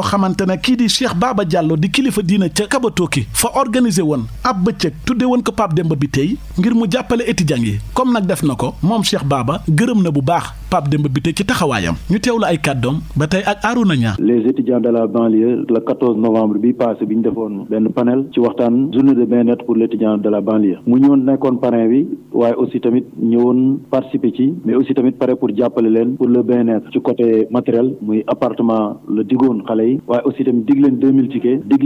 kilifa diina ca Kabatoki fa organiser woon ab bëccëg tudde woon ko Pape Demba Bitèye ngir mu jàppale étudiants yi comme nag def na ko moom Cheikh Baba gërëm na bu baax Pape Demba Bitèye ci taxawaayam ñu teewlu ay kàddoom ba tey ak Arouna Niang les étudiants de la banlieue novembre bi passé bi ñu defoon benn panel ci waxtaan journée de bien-être pour l' étudiant de la banlieue mu ñëwoon nekkoon parrain bi waaye aussi tamit ñëwoon participer ci mais aussi tamit pare pour jàppale leen pour le bien-être ci côté matériel muy appartement la digoon xale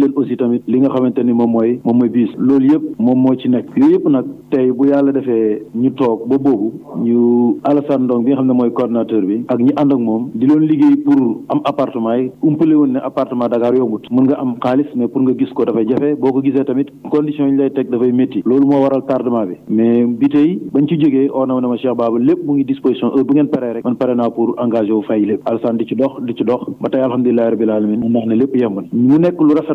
leen aussi tamit li nga xamante ni moom mooy moom mooy biis loolu yëpp moom moo ci nekk yooyu yëpp nag tey bu yàlla defee ñu toog ba boobu ñu Alassane Ndong bi nga xam ne mooy coordonnateur bi ak ñi ànd ak moom loon liggéey pour am appartement yi umpale woon ne appartement Dakar yombut mën nga am xaalis mais pour nga gis ko dafay jafe boo ko gisee tamit condition yi lay teg dafay métti loolu moo waral tardement bi mais bi tey bañ ci jógee oo na lépp mu ngi disposition heure bu ngeen paree pour engagé wu fay lépp Alassane di ci dox di ci dox ba tey alhamdulilahi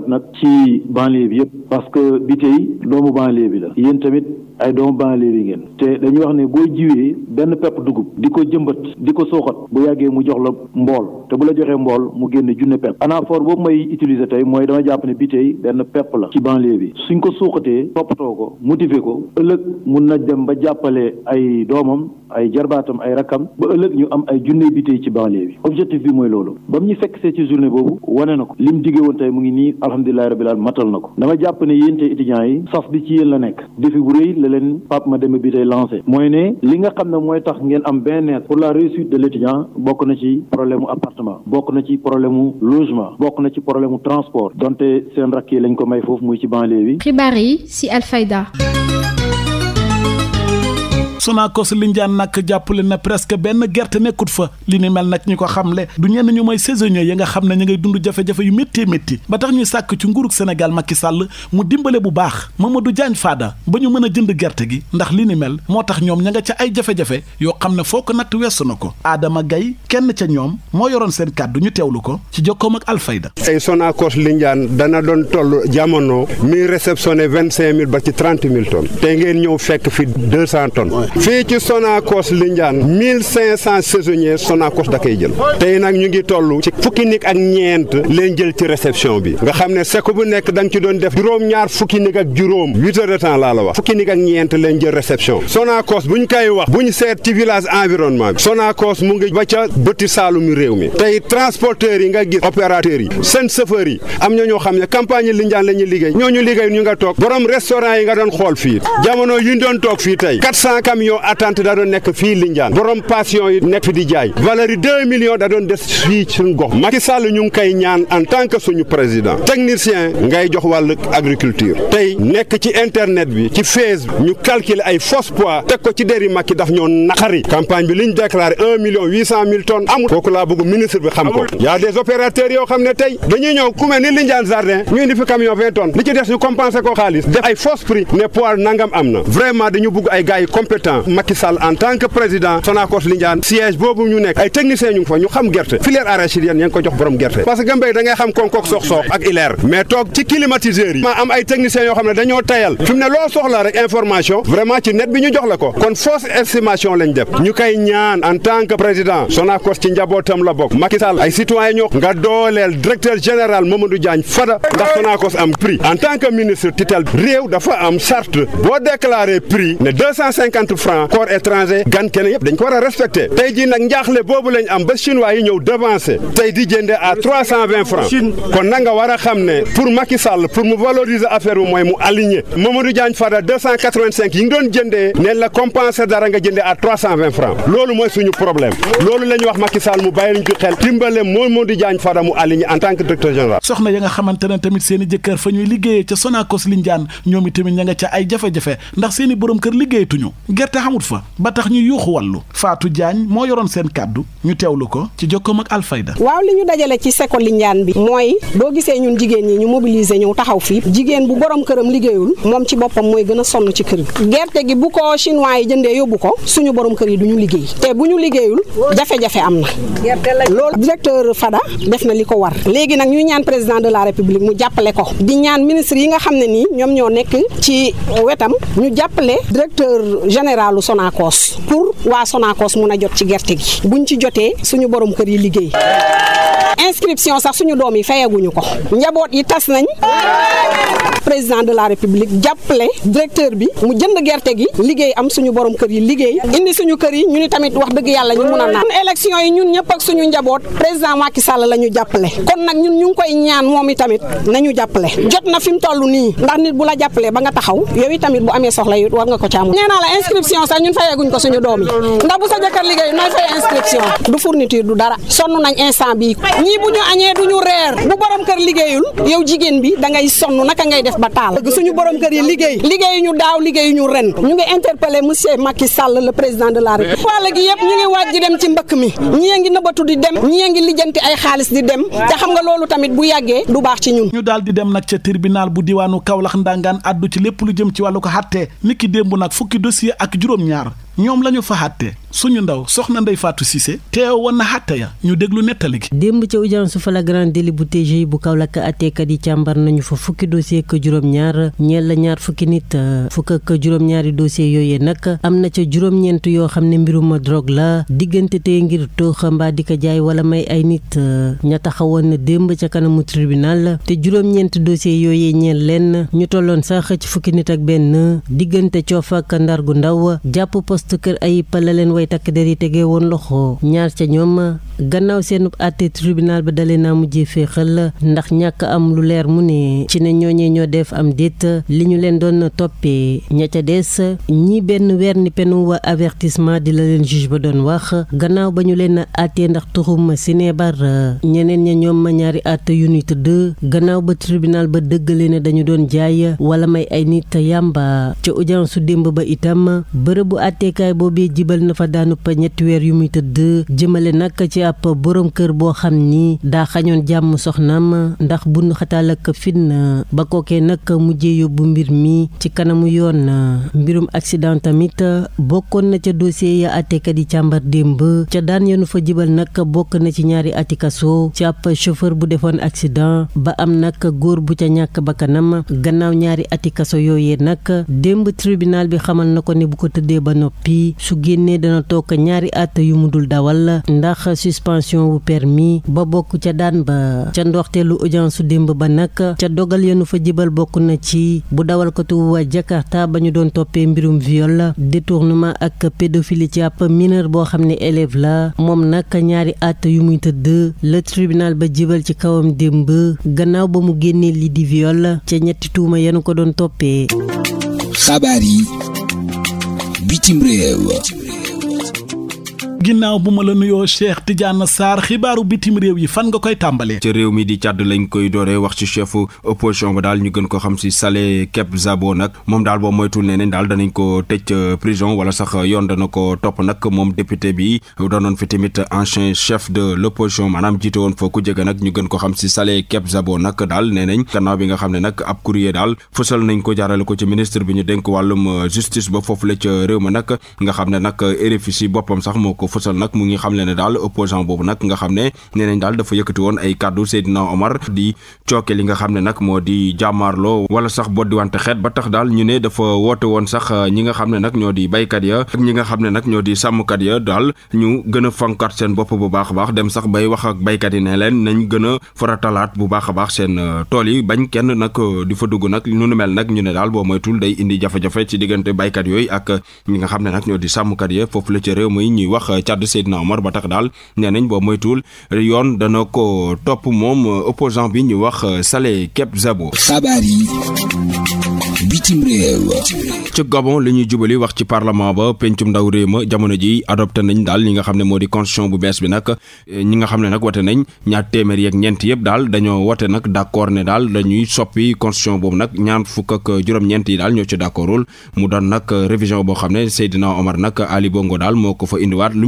na nag ci banlieue bi yëpp parce que bi tey doomu banlieue bi la yéen tamit ay doomu banlieue bi ngeen te dañuy wax ne boo jiwee benn pepp dugub di ko jëmbat di ko sooxat bu yàggee mu jox la mbool te bu la joxee mbool mu génne junne pepp anafoor boobu may utiliser tey mooy dama jàpp ne bi tey benn pepp la ci banlieue bi suñ ko suuxatee toppatoo ko motiver ko ëllëg mun na dem ba jàppale ay doomam ay jarbaatam ay rakam ba ëllëg ñu am ay junne bi ci banlieue bi objectif bi mooy ba alhamdulilahi rabbil alamin matal na ko dama jàpp ne yéen tey yi sas bi ci yéen la nekk défi bu rëy la leen Pape Mademba bi tey lancé mooy ne li nga xam ne mooy tax ngeen am bien-être pour la réussite de l'étudiant bokk na ci problème mu appartement bokk na ci problème mu logement bokk na ci problème mu transport donte seen rakk yi lañ ko may foofu muy ci banlieue bi xibaar yi ci Alfayda Sonacos Lindiane nag jàppale na presque benn gerte nekkut fa li ni mel nag ñi ko xamle du ñenn ñu mooy saisonniers yi nga xam ne ñu ngay dund jafe-jafe yu métti métti ba tax ñu sàkk ci nguurug Sénégal makki sàll mu dimbale bu baax du Diagne faada ba ñu mën a jënd gerte gi ndax li ni mel moo tax ñoom ña nga ca ay jafe-jafe yoo xam ne foo ko natt weesu na ko aadama gay kenn ca ñoom moo yoroon seen kàddu ñu teewlu ko ci jokkoom ak Alfayda ay Sonacos Lindiane dana doon toll jamono mi réceptionné vingt cinq mille ba ci trente mille te ngeen ñëw fekk fi deux fii ci Sonacos Lindiane mille cinq cent saisonniers Sonacos da koy jël tey nag ñu ngi toll ci fukki nik ak ñeent leen jël ci réception bi nga xam ne seko bu nekk da ci doon def juróom-ñaar fukki nik ak juróom huit heures de temps laa la wax fukki nit ak ñeent leen jël réception Sonacos bu ñu koy wax bu ñu seet ci village environnement bi Sonacos mu ngi ba ca bëti saalum réew mi tey transporteurs yi nga gis opérateurs yi seen chauffeurs yi am na ñoo xam ne campagne Lindiane la ñuy liggéey ñooñu liggéey ñu nga toog borom restaurant yi nga doon xool fii jamono yu ñu doon toog fii tey camion da doon nekk fii Lindiane borom passion yi nekk fi di jaay valeur des fii suñu gox Macky Sall ñu ñaan en tant que président technicien ngay jox wàllu agriculture tey nekk ci internet bi ci phase ñu calculer ay fausse poids teg ci deri Macky daf ñoo naqari campagne bi liñ déclaré un million huit cent mille tonnes ministre bi xam ko y des opérateurs yoo xam ne tey dañuy ñëw ku mel ni Lindiane jardin ñu indi fi camion vingt tonnes li ci des ñu compensé ko xaalis temps en tant que président Sonacos Lindiane siège boobu ñu nekk ay techniciens ñu fa ñu xam gerte filière arachidienne yaa ngi ko jox borom gerte parce que mbéy da ngay xam konkook sox sox ak ileer mais toog ci climatiseurs yi ma am ay techniciens yoo xam ne dañoo tayal fi ne loo soxla rek information vraiment ci net bi ñu jox la ko kon fausse estimation lañ def ñu koy ñaan en tant que président Sonacos ci njabootam la bokk Macky ay citoyen ñoo nga dooleel francs corps étranger gan keneen yëpp dañ ko war a respecté tey jii nag njaaxle boobu lañ am ba chinois yi ñëw devancé tey di jënde à trois kon na nga war a xam ne pour Macky Sall pour mu valorise affaire bi mooy mu aligné Mamadou Diagne Fada deux cent quatre vingt cinq yi nga doon jëndee ne la compenser dara nga jëndee à trois cent vingt francs loolu mooy suñu problème loolu la ñu wax Macky Sall mu bàyyi ñu xel dimbale Mamadou mu aligné en tant que directeur général. soxna ya nga xamante ne tamit seen i jëkkër fa ñuy liggéeyee ca Sonacos Lindiane ñoom itamit ay jafe-jafe ndax seen i borom liberté xamut fa ba tax ñu yuuxu wàllu faatu Diagne moo yoroon seen kàddu ñu teewlu ko ci jokkoom ak Alfayda waaw li ñu dajale ci seko Linjaan bi mooy boo gisee ñun jigéen ñi ñu mobiliser ñëw taxaw fii jigéen bu borom këram liggéeyul moom ci boppam mooy gën a sonn ci kër gerte gi bu ko chinois yi jëndee yóbbu ko suñu borom kër yi du ñu liggéey te bu ñu liggéeyul jafe-jafe am na loolu directeur Fada def na li ko war léegi nag ñuy ñaan président de la république mu jàppale ko di ñaan ministre yi nga xam ne nii ñoom ñoo nekk ci wetam ñu jàppale directeur généralu Sonacos pour waa Sonacos mun a jot ci gerte gi bu ñu ci jotee suñu borom kër yi liggéey inscription sax suñu doom yi fayaguñu ko njaboot yi tas nañ président de la république jàppale directeur bi mu jënd gerte gi liggéey am suñu borom kër yi liggéey indi suñu kër yi ñu ni tamit wax dëgg yàlla ñu mun a naan élection yi ñun ñëpp ak suñu njaboot président Macky Sall la ñu jàppale kon nag ñun ñu koy ñaan moom i tamit nañu jàppale jot na fi mu toll taxaw inscription sax ñun fayeeguñ ko suñu doom yi ndax bu sa jëkkër liggéey nooy fay inscription du fourniture du dara sonn nañ instant bii ñii bu ñu añee du ñu reer bu borom kër liggéeyul yow jigéen bi da ngay sonn naka ngay def ba taal suñu borom kër yi liggéey liggéey ñu daaw liggéey ñu ren ñu ngi interpellé monsieur Macky Sall le président de la République wàll gi yëpp ñu ngi waaj di dem ci mbëkk mi ñii ngi nëbbatu di dem ñii ngi lijjanti ay xaalis di dem te xam nga loolu tamit bu yàggee du baax ci ñun ñu daal di dem nag ca tribunal bu diwaanu Kaolack ndangaan addu ci lépp lu jëm ci wàllu ko xattee niki démb nag fukki dossier ak juróom-ñaar ñoom la ñu fa àtte suñu ndaw soxna Ndeye Fatou Cissé teewoon na àtte ya ñu déglu nettali gi. démb ca su audience flagrant délit bu TGI bu Kaolack àtteekat yi càmbar nañu fa fukki dossier ak juróom-ñaar ñeel la ñaar fukki nit fukk ak juróom-ñaari dossier yooyu nag am na ca juróom-ñeent yoo xam ne mbirum drogue la diggante tey ngir toox mbaa di ko jaay wala may ay nit ña taxawoon na démb ca kanamu tribunal te juróom-ñeent dossier yooyu ñeel leen ñu tolloon sax ci fukki nit ak benn diggante coof ak ndar ndaw. Mbaaw jàpp poste kër Ayib la leen way takk der yi tegee woon loxo ñaar ca ñoom gannaaw seenub àtte tribunal ba dalee naa mujjee féexal ndax ñàkk am lu leer mu ne ci ne ñooñee ñoo def am déet li ñu leen doon toppee ña ca des ñii benn weer ni penu wa avertissement di la leen ba doon wax gannaaw ba ñu leen àttee ndax sine sineebar ñeneen ña ñoom ma ñaari àtte yu ñu tëdd gannaaw ba tribunal ba dëggale ne dañu doon jaay wala may ay nit yà bërëb bu àtteekaay boobee jibal na fa daanu pa ñetti weer yu muy tëdd jëmale nag ci ab borom kër boo xam ni daa xañoon jàmm soxnaam ndax bunn xataal ak fitna ba kookee nag mujjee yóbbu mbir mi ci kanamu yoon mbirum accident tamit bokkoon na ca dossier ya àtteekat yi càmbar démb ca daan yanu fa jibal nag bokk na ci ñaari ati ci ab chauffeur bu defoon accident ba am nag góor bu ca ñàkk bakkanam gannaaw ñaari ati kaso yooyee nag démb tribunal ko tëddee ba noppi su génnee dana toog ñaari at yu mu dul dawal la ndax suspension wu permis ba bokk ca daan ba ca ndoxteelu audience démb ba nag ca dogal yenu fa jibal bokk na ci bu dawalkatu waa Jakarta ba ñu doon toppee mbirum viol détournement ak pédophilie ci ab mineur boo xam ne élève la moom nag ñaari at yu muy tëdd le tribunal ba jibal ci kawam démb gannaaw ba mu génnee lii di viol ca ñetti tuuma yenu ko doon toppee bitim réew ginnaaw bu ma la nuyoo Cheikh Tidiane Sarr xibaaru bitim réew yi fan nga koy tàmbalee ca réew mi di càdd lañ koy dooree wax ci chef opposition ba daal ñu gën ko xam si sale Kep Zabo nag moom daal boo moytul nee nañ daal danañ ko tëj euh, prison wala sax yoon dana ko topp nag moom député bi doonoon fi tamit ancien chef de l'opposition maanaam jiite woon fa ku jege nag ñu gën ko xam si Saleh Kep Zabo nag daal nee nañ gannaaw bi nga xam ne nag ab courrier daal fësal nañ ko jaarale ko ci ministre bi ñu dénk wàllum euh, justice ba foofu la ca réew ma nag nga xam ne nag euh, RFI boppam sax moo ko ko fësal nag mu ngi xam le ne daal opposant boobu nag nga xam ne ne nañ daal dafa yëkkati woon ay kàddu Seydina Omar di cooke li nga xam ne nag moo di jàmmaarloo wala sax boddi wante xeet ba tax daal ñu ne dafa woote woon sax ñi nga xam ne nag ñoo di baykat ya ak ñi nga xam ne nag ñoo di sàmmkat ya daal ñu gën a fonkaat seen bopp bu baax a baax dem sax bay wax ak baykat yi ne leen nañ gën a faratalaat bu baax a baax seen euh, tool yi bañ kenn nag euh, di fa dugg nag nu nu mel nag ñu ne daal boo moytul day indi jafe ci diggante baykat yooyu ak ñi nga xam ne nag ñoo di sàmmkat ya foofu la ci réew muy ñuy wax càddu Seydina Omar ba tax daal nee nañ boo moytuwul yoon dana ko topp moom opposant bi ñu wax Saleh Kep Zabo. xabaar yi. bitim réew ci Gabon li ñuy jubali wax ci parlement ba pencum ndaw réew ma jamono ji adopté nañ daal li nga xam ne moo di constitution bu bees bi nag ñi nga xam ne nag wate nañ ñaat téeméer ak ñeent yëpp daal dañoo wate nag d' accord ne daal dañuy soppi constitution boobu nag ñaar fukk ak juróom-ñeent yi daal ñoo ci d' accordul mu doon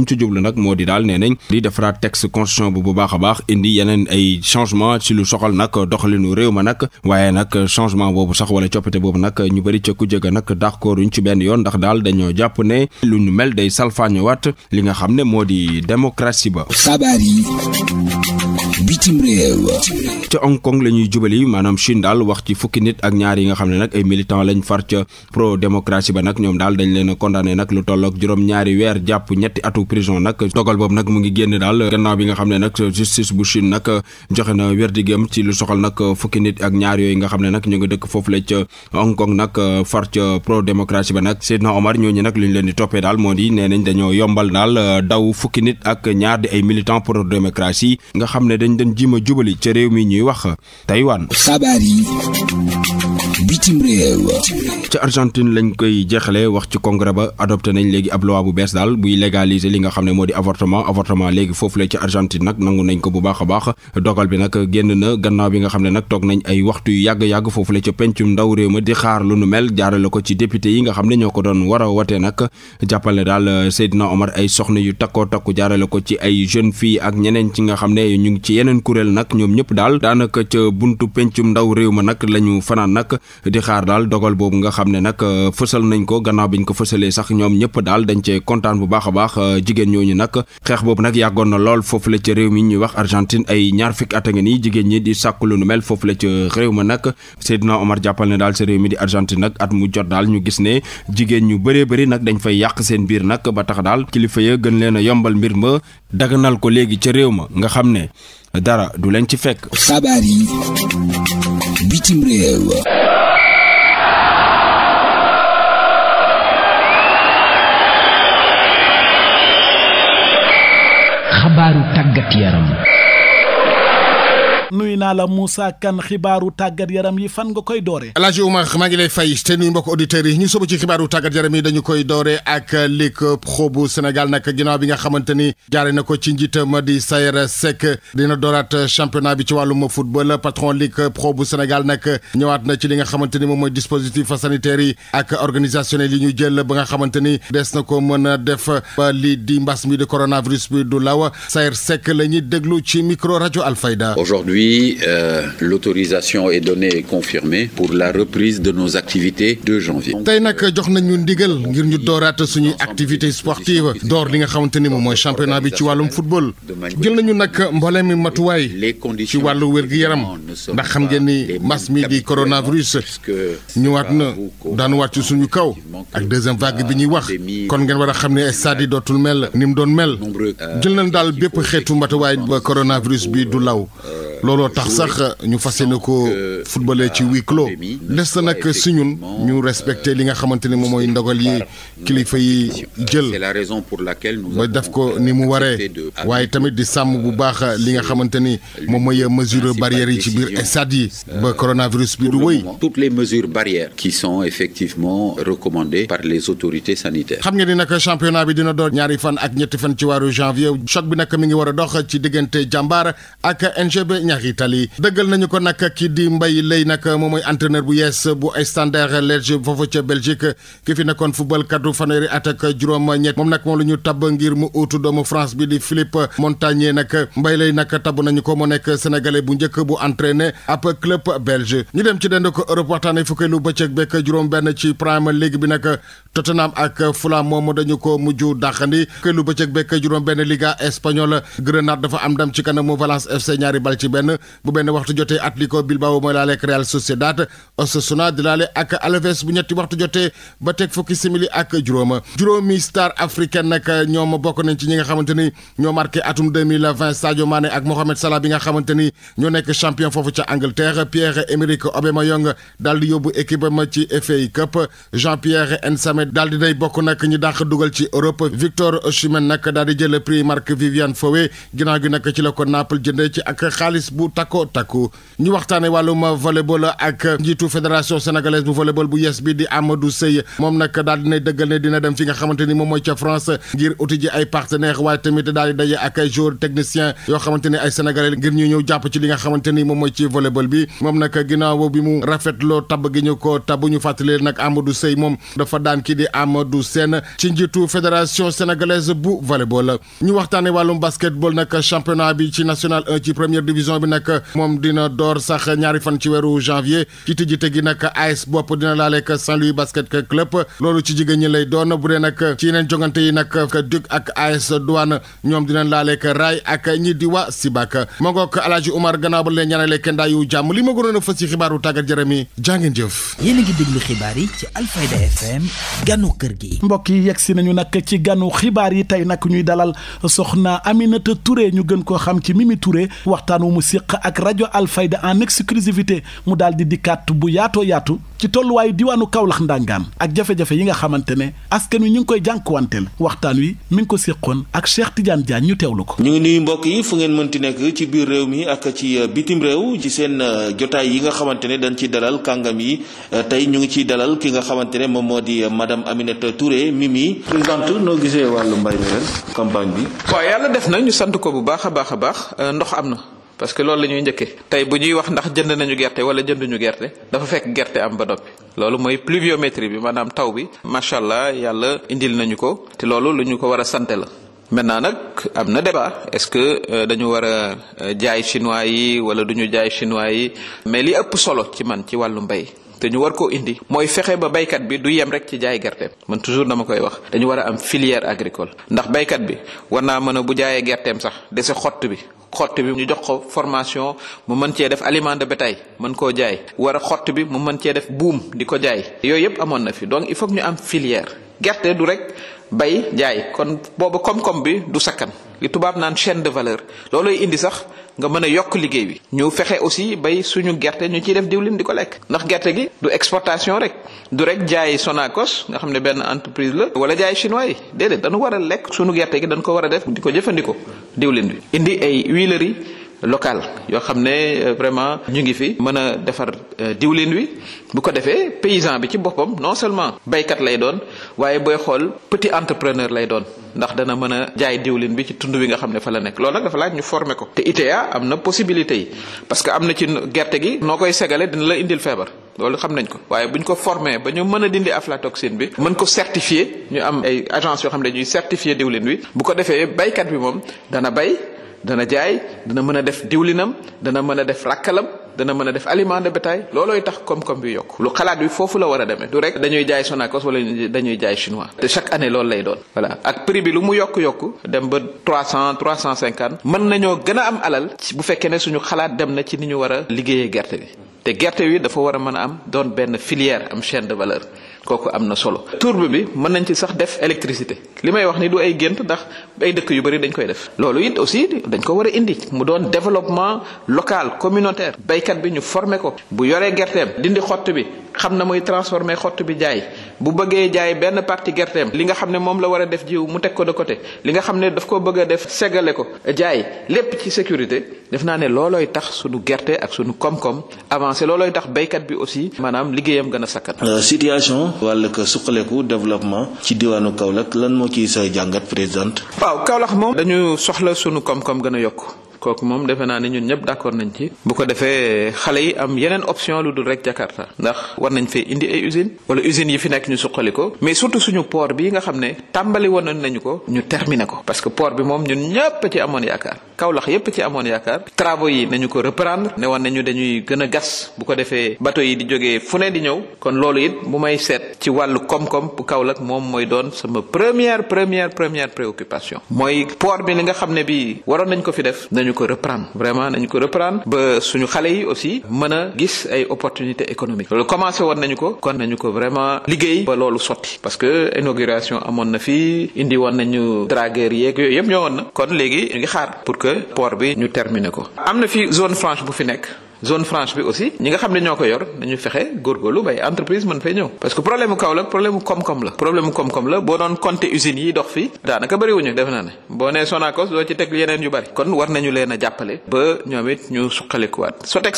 xam mu ci jublu nag moo di daal nee nañ di defaraat texte constitution bu bu baax a baax indi yeneen ay changement ci lu soxal nag doxalinu réew ma nag waaye nag changement boobu sax wala coppite boobu nag ñu bëri ca ku jëga nag d'accorduñ ci benn yoon ndax daal dañoo jàpp ne lu ñu mel day salfaañowaat li nga xam ne moo di démocratie ba xabaar bitim réew ca Hong Kong la ñuy jubali maanaam Chine daal wax ci fukki nit ak ñaar yi nga xam ne nag ay militant lañ far ca pro démocratie ba nag ñoom daal dañ leen a condamné nag lu tollook juróom ñaari weer jàpp ñetti atu prison nag dogal boobu nag mu ngi génn daal gannaaw bi nga xam ne nag justice bu Chine nag joxe na werdigam ci lu soxal nag fukki nit ak ñaar yooyu nga xam ne nag ñu nga dëkk foofu la ca Hong Kong nag far ca pro démocratie ba nag Seydina Omar ñooñu nag li leen di toppee daal moo di nee dañoo yombal daal daw fukki nit ak ñaar ay militant pro démocratie doon jéem a jubali ca réew mi ñuy wax Taïwan. xabaar yi. bitim réew ci Argentine lañ koy jeexale wax ci congrès ba adopté nañ léegi ab loi bu bees daal buy légaliser li nga xam ne moo di avortement avortement léegi foofu la ci Argentine nag nangu nañ ko bu baax baax dogal bi nag génn na gannaaw bi nga xam ne nag toog nañ ay waxtu yu yàgg-yàgg foofu la ca pencum ndaw réew ma di xaar lu nu mel jaarale ko ci député yi nga xam ne ñoo ko doon wara a nag jàppale daal daal Seydina Omar ay soxna yu takkoo takku jaarale ko ci ay jeune fille ak ñeneen ci nga xam ne ñu ngi ci yeneen kuréel nag ñoom ñëpp daal daanaka ca buntu pencum ndaw réew ma nag lañu fanaan nag di xaar daal dogal boobu nga xam ne nag euh, fësal nañ ko gannaaw biñ ko fësalee sax ñoom ñëpp daal dañ cee kontaan bu baax a baax euh, jigéen ñooñu nag xeex boobu nag yàggoon na lool foofu la ca réew mi ñuy wax Argentine ay ñaar fukki at a ngi nii jigéen ñi di sàkku lu nu mel foofu la ca réew ma nag Seydina Omar jàppal ne daal sa réew mi di Argentine nag at mu jot daal ñu gis ne jigéen ñu bëree bëri nag dañ fay yàq seen biir nag ba tax daal kilifa ya gën leen a yombal mbir ma daganal ko léegi ca réew ma nga xam ne dara du leen ci fekk. xabaar yi xabaaru tàggat yaram nuyu naa la Moussa Kane xibaaru tàggat yaram yi fan nga koy doore El Hadj Oumar maa ngi lay fay te nuyu mbokk auditeurs yi ñu soba ci xibaaru tàggat yaram yi dañu koy doore ak Ligue Pro bu Sénégal nag ginnaaw bi nga xamante ni jaare na ko ci njiit ma di Sayer Seck dina dooraat championnat bi ci wàllu wàllum football patron Ligue Pro bu Sénégal nag ñëwaat na ci li nga xamante ni moom mooy dispositif sanitaire yi ak organisationnel yi ñu jël ba nga xamante ni des na ko mën a def lii di mbas mi di coronavirus bi du law Sayer Seck la ñuy déglu ci micro rajo Alfayda aujourd'hui Aujourd'hui, euh, l'autorisation est donnée pour la reprise de nos activités 2 janvier. tey nag jox nañu ndigal ngir ñu dooraat suñuy activité sportive door li nga xamante ni moom mooy championnat bi ci wàllum football jël nañu nag mboolem mi matuwaay ci wàllu wér gi yaram ndax xam ngeen ni mas mi di coronavirus ñëwaat na daan wàcc suñu kaw ak deuxième vague bi ñuy wax kon ngeen war a xam ne stade yi dootul mel ni mu doon mel jël nañ daal bépp xeetu matuwaay ba coronavirus bi du law. looloo tax sax ñu fas yéene ko euh, footballé ci huis clos des nag si ñun ñu respecté euh, li nga xamante ni moom mooy ndogal yi kilifa yi jël ba def ko euh, ni mu waree waaye tamit di sàmm bu baax li nga xamante ni moom mooy mesure barrières yi ci biir stade yi ba coronavirus bi du wëy. toutes les mesures barrières qui sont effectivement recommandées par les autorités sanitaires. xam nga ni nag championnat bi dina door ñaari fan ak ñetti fan ci waaru janvier choc bi nag mi ngi war a dox ci diggante jàmbaar ak NGB ñaari dëggal nañu ko nag ki di mbay lay nag moom mooy entraîneur bu yees bu Standard Liège foofu ca Belgique ki fi nekkoon football kaddu at ak juróom-ñett moom nag moom la ñu tabb ngir mu utu doomu France bi di Philippe Montanier nag mbay lay nag tabb nañu ko mu nekk sénégalais bu njëkk bu entraîné ab club belge ñu dem ci dend ko Europe waxtaanee fukki lu bëccëg bekk juróom-benn ci Premier League bi nag Tottenham ak Fulham moom dañu ko mujj dàqandi fukki lu bëccëg bekk juróom-benn Liga espagnole Grenade dafa am ndam ci kanamu Valence ñaari bal ci benn. benn bu benn waxtu jotee Atlético Bilbao mooy laale ak Real Sociedad Osasuna ak Alavés bu ñetti waxtu jotee ba teg fukki simili ak juróoma juróomi star africaine nag ñoom bokk nañ ci ñi nga xamante ñoo marqué atum 2020 Sadio ak Mohamed Salah bi nga xamante ñoo nekk champion foofu ca Angleterre Pierre-Emerick Aubameyang daal di yóbbu équipe ma ci FA Cup Jean-Pierre Nsamé daal di nay bokk nag ñi dàq dugal ci Europe Victor Osimhen nag daal xaalis bu takko takku ñu waxtaane wàllum volleyball ak njiitu fédération sénégalaise bu volleyball bu yees bi di Amadou Seye moom nag daal dinay dëggal ne dina dem fi nga xamante ni moom mooy ca France ngir uti ji ay partenaire waaye tamit daal di daje ak ay joueurs techniciens yoo xamante ni ay sénégalais ngir ñu ñëw jàpp ci li nga xamante ni moom mooy ci volleyball bi moom nag ginnaaw bi mu rafetloo tab gi ñu ko tab ñu fàttali nag du sey moom dafa daan kii di Amadou Sène ci njiitu fédération sénégalaise bu volleyball ñu waxtaane wàllum basketball nag championnat bi ci national 1 première division bi nag moom dina door sax ñaari fan ci weeru janvier ci tijjite gi nag AS bopp dina laaleek Saint-Louis basket club loolu ci jigéen ñi lay doon bu dee nag ci yeneen jongante yi nag Duc ak AS Douane ñoom dina laaleek Rail ak ñi di waa Sibac moo ngoog Alaaji Umar gannaaw ba leen ñaanale kendaa yu jàmm li ma gënoon a fës ci xibaaru tàggat jërëm yi jàngeen jëf. yéen a ngi déglu gi. mbokk yi yegg si nañu nag ci ganu xibaar yi tey nag ñuy dalal soxna Aminata Touré ñu gën koo xam ci Mimi Touré séq ak rajo Alfayda en exclusivité mu daal di dikkaat bu yaatoo yaatu ci tolluwaayu diwaanu Kaolack ndangaan ak jafe-jafe yi nga xamante ne askan wi ñu ngi koy jànq jànkuwanteel waxtaan wi mi ngi ko séqoon ak Cheikh Tidiane Diagne ñu teew lu ko. ñu ngi nuyu mbokk yi fu ngeen mënti nekk ci biir réew mi ak ci euh, bitim réew ci seen euh, jotaay yi nga xamante ne dañ ci dalal kàngam yi euh, tey ñu ngi ciy dalal ki nga xamante ne moom moo di madame Aminata Touré Mimi présidente noo gisee wàllu mbay mi bi. waaw a baax parce que loolu la ñuy njëkkee tey bu ñuy wax ndax jënd nañu gerte wala jënduñu gerte dafa fekk gerte am ba noppi loolu mooy pluviométrie bi maanaam taw bi macha allah yàlla indil nañu ko te loolu lu ñu ko war a sant la. maintenant nag am na debaa est-ce que euh, dañu war a euh, jaay chinois yi wala du ñu jaay chinois yi mais li ëpp solo ci man ci wàllu mbay te ñu war koo indi mooy fexe ba baykat bi du yem rek ci jaay gerteem man toujours dama koy wax dañu war a am filière agricole ndax baykat bi war naa mën a bu jaayee gerteem sax dese xott bi xotti bi ñu jox ko formation mu mën cee def aliment de bétail mën koo jaay war xotti bi mu mën cee def buum di ko jaay yooyu yëpp amoon na fi donc il foog ñu am filière gerte du rek bay jaay kon booba koom-koom bi du sakkan li tubaab naan chaine de valeur looloy indi sax nga mën a yokk liggéey bi ñu fexe aussi bay suñu gerte ñu ciy def diwlin di ko lekk ndax gerte gi du exportation rek du rek jaay Sonacos nga xam ne benn entreprise la wala jaay chinois yi déedéet dañu war a lekk suñu gerte gi dañ ko war a def di ko jëfandikoo diwlin bi indi ay huileries local yoo xam ne euh, vraiment ñu ngi fi mën a defar euh, diwlin wi bu ko defee paysan bi ci boppam non seulement béykat lay doon waaye booy xool petit entrepreneur lay doon ndax dana mën a jaay diwlin bi ci tund wi nga xam ne fa la nekk loolu nag dafa laaj ñu former ko te ITA am na possibilité yi parce que am na ci gerte gi noo koy segale dina la indil feebar loolu xam nañ ko waaye bu ñu ko formé ba ñu mën a dindi aflatoxine bi mën ko certifié ñu am ay agence yoo xam ne ñuy certifié diwlin wi bu ko defee baykat bi moom dana bay dana jaay dana mën a def diwlinam dana mën a def rakkalam dana mën a def aliment de bétail loolooy tax koom-koom bi yokk lu xalaat bi foofu la war a demee du rek dañuy jaay Sonacos wala dañuy jaay chinois te chaque année loolu lay doon voilà ak prix bi lu mu yokk-yokk dem ba trois cent trois cent cinquante mën nañoo gën a am alal bu fekkee ne suñu xalaat dem na ci ni ñu war a liggéeyee gerte bi te gerte wi dafa war a mën a am doon benn filière am chaîne de valeur kooku am na solo tourbe bi mën nañ ci sax def électricité li may wax ni du ay gént ndax ay dëkk yu bëri dañ koy def loolu it aussi dañ ko war a indi mu doon développement local communautaire baykat bi ñu former ko bu yoree gerteem dindi xott bi xam na muy transformer xott bi jaay bu bëggee jaay benn partie gerteem li nga xam ne moom la war a def jiw mu teg ko de côté li nga xam ne daf ko bëgg a def seggale ko jaay lépp ci sécurité def naa ne loolooy tax sunu gerte ak sunu koom-koom avancé loolooy tax béykat bi aussi manaam liggéeyam gën a sakkan. Euh, situation wàllug suqaleku développement ci diwaanu Kaolack lan moo ciy sa jàngat présidente. waaw Kaolack moom dañu soxla sunu koom-koom gën a yokk. kooku moom defe naa ne ñun ñëpp d'accord nañ ci bu ko defee xale yi am yeneen option lu dul rek Jakarta ndax war nañ fee indi ay usines wala usines yi fi nekk ñu suqali ko mais surtout suñu port bi nga xam ne tàmbali woon nañu ko ñu terminé ko parce que port bi moom ñun ñëpp ci amoon yaakaar Kaolack yëpp ci amoon yaakaar travaux yi nañu ko reprendre ne woon nañu dañuy gën gas bu ko defee bateau yi di jógee fu di ñëw kon loolu it bu may seet ci wàllu koom bu Kaolack moom mooy doon sama première première première préoccupation mooy nga xam ne bi waroon nañ ko fi def nañu nañu ko reprendre vraiment nañu ko reprendre ba suñu xale yi aussi mën a gis ay opportunité économique loolu commencé woon nañu ko kon nañu ko vraiment liggéey ba loolu sotti parce que inauguration amoon na fi indi woon nañu dragueur yeeg yooyu yëpp ñëwoon na kon léegi ñu ngi xaar pour que port bi ñu terminer ko am na fi zone franche bu fi nekk zone franche bi aussi ñi nga xam ne ñoo ko yor nañu fexe góorgóorlu bay entreprise mën fay ñëw parce que problème mu Kaolack problème mu koom-koom la problème mu koom-koom la boo doon compter usines yi dox fii daanaka bëriwuñu def naa ne boo nee Sonacos doo ci teg yeneen yu bëri kon war nañu leen a jàppale ba ñoom it ñu suqalikuwaat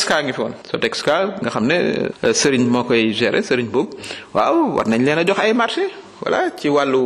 kaa ngi fi woon Sotexka nga xam ne euh, Serigne moo koy gérer Serigne boobu waaw war nañ leen a jox ay marché voilà ci wàllu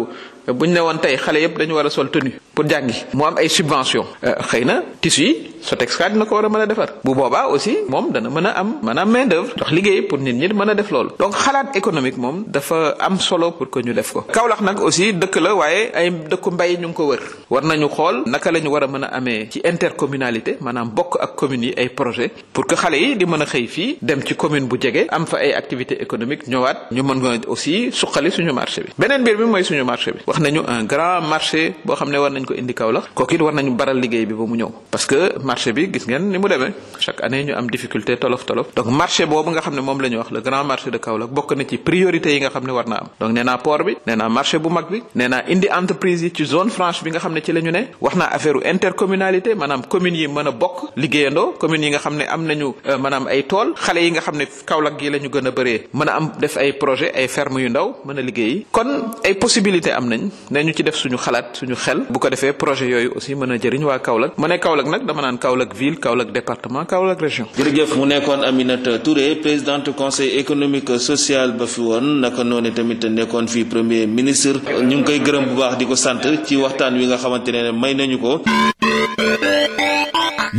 bu ñu ne woon tey xale yëpp dañu war a sol tenue pour jàngi mu am ay subvention euh, xëy na tissu yi Sotexka dina ko war a mën a defar bu boobaa aussi moom dana mën a am maanaam main d'œuvre dox liggéey pour nit ñi mën a def loolu donc xalaat économique moom dafa am solo pour que ñu def ko Kaolack nag aussi dëkk la waaye ay dëkk mbay ñu ngi ko wër war nañu xool naka la ñu war a mën a amee ci intercommunalité maanaam bokk ak commune yi ay projet pour que xale yi di mën a xëy fii dem ci commune bu jege am fa ay activité économique ñëwaat ñu mën aussi suqali suñu marché bi beneen bi mooy suñu marché bi wax nañu un grand marché xam ne war nañ ko indi Kaolack kooku war nañu baral ba mu bi gis ngeen ni mu demee chaque année ñu am difficulté tolof tolof donc marché boobu nga xam ne moom la ñu wax le grand marché de Kaolack bokk na ne am donc nee naa port bi nee naa marché bu mag bi nee naa indi entreprise yi ci zone franche bi nga xam ne ci la ñu ne wax naa affaire intercommunalité maanaam commune yi mën a bokk liggéeyandoo commune yi nga xam ne am nañu euh, maanaam ay tool xale yi nga xam ne Kaolack gi la ñu gën a bëree mën a am def ay projet ay ferme yu ndaw mën a liggéey kon ay possibilité am nañ ñun ñu ci def suñu xalaat suñu xel bu ko defee projet yooyu aussi mën a jëriñ waa Kaolack ma ne Kaolack nag dama naan Kaolack ville Kaolack département Kaolack région. jërëjëf mu nekkoon Aminata Touré présidente conseil économique social ba fi woon naka noonu tamit nekkoon fii premier ministre ñu ngi koy gërëm bu baax di ko sant ci waxtaan wi nga xamante ne may nañu ko.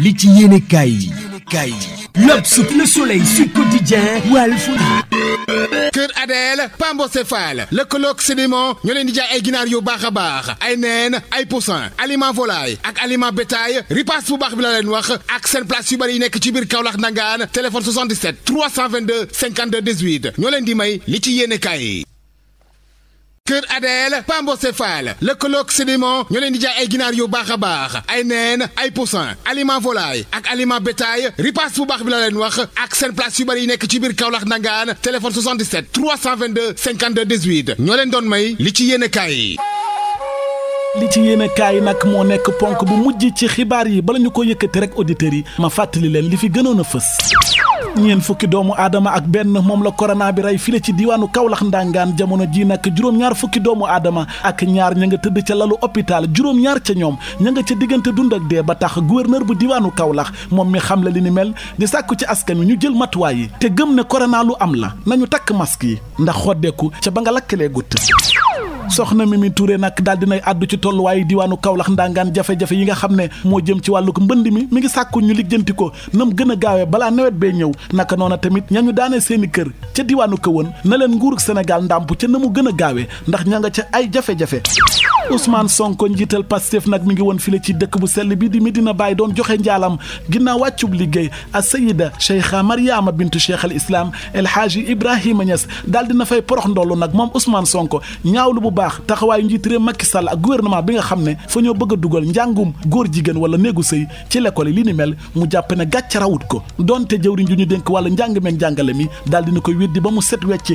li ci yéene kaay yi L'Obs, Le Soleil, Sud Quotidien, Walf. Kër Adel Pambocéphale lëkkaloog sédiment ñoo leen di jaay ay ginaar yu baax baax ay neen ay poussin aliment volaille ak aliment bétail ripaas bu baax bi la leen wax ak seen place yu bëri yi nekk ci biir Kaolack Ndangaan téléphone 77 322 52 18 leen di may li ci yéene kaay Kër Adel Pambose Fall lëkkaloog sédiment ñoo leen di jaay ay ginaar yu baax a baax ay neen ay poussin aliment volaille ak aliment bétail ripaas bu baax bi la leen wax ak seen place yu bëri yi nekk ci biir Kaolack Ndangaan téléphone 77 322 52 18 ñoo leen doon may li ci yéene kaay yi. li ci yéen a kaay nag moo nekk ponk bu mujj ci xibaar yi bala ñu ko yëkkati rek auditeurs yi ma fàttali leen li fi gënoon a fës. ñeent fukki doomu aadama ak benn moom la corona bi rey file ci diiwaanu Kaolack ndàngaan jamono ji nag juróom-ñaar fukki doomu aadama ak ñaar ña nga tëdd ca lalu hôpital juróom-ñaar ca ñoom ña nga ca diggante dund ak dee ba tax gouverneur bu diiwaanu Kaolack moom mi xam la li ni mel di sàkku ci askan wi ñu jël matuwaay yi te gëm ne corona lu am la na ñu takk masque yi ndax xoddeeku ca ba nga lakkalee gutt soxna Mimi Touré nag daal dinay àddu ci tolluwaayu diwaanu Kaolack ndangaan jafe-jafe yi nga xam ne moo jëm ci wàllu ko mbënd mi mi ngi sàkku ñu lijjanti ko nam gën a gaawee balaa nawet bee ñëw naka noona tamit ña ñañu daane seeni kër ca diwaanu Kahone na leen nguurug Sénégal ndàmp ca na mu gën a gaawee ndax ña nga ca ay jafe-jafe Ousmane Sonko njiital Pastef nag mi ngi woon file ci dëkk bu sell bi di Medina Baye doon joxe njaalam ginnaaw wàccub liggéey a Sayida Cheikha Mariama bintu Cheikh islaam Islam El Hadji Ibrahima Niass daal dina fay porox ndollu nag moom Ousmane Sonko ñaawlu bu baax taxawaayu njiit réew Macky Sall ak gouvernement bi nga xam ne fa ñoo bëgg a dugal njàngum góor jigéen wala néegu sëy ci l'école yi li ni mel mu jàpp ne gàcc rawut ko donte jëwriñ ju ñu dénk wàllu njàng meeg mi daal dina koy weddi ba mu set wecc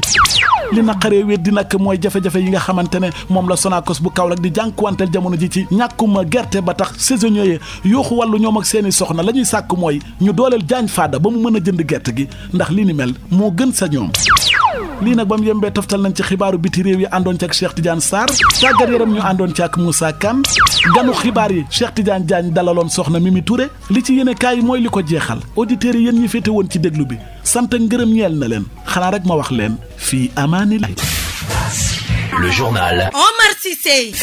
li naqaree weddi nag mooy jafe yi nga xamante ne moom la Sonacos bu kaw Kaolack di jànkuwanteel jamono ji ci ñàkkuma gerte ba tax saisonniers yi yooxu wàllu ñoom ak seeni soxna la ñuy sàkk mooy ñu dooleel jaañ faada ba mu mën a jënd gerte gi ndax li ni mel moo gën sa ñoom lii nag ba mu yembee toftal nañ ci xibaaru biti réew yi àndoon ci ak Cheikh Tidiane Sarr tàggat yaram ñu àndoon ci ak Moussa Kane ganu xibaar yi Cheikh Tidiane Diagne dalaloon soxna mi mi Touré li ci yéene kaay mooy li ko jeexal auditeurs yi yéen ñi féete woon ci déglu bi sant ngërëm ñeel na leen xanaa rek ma wax leen fii amaani lay Le journal. Omar Cissé.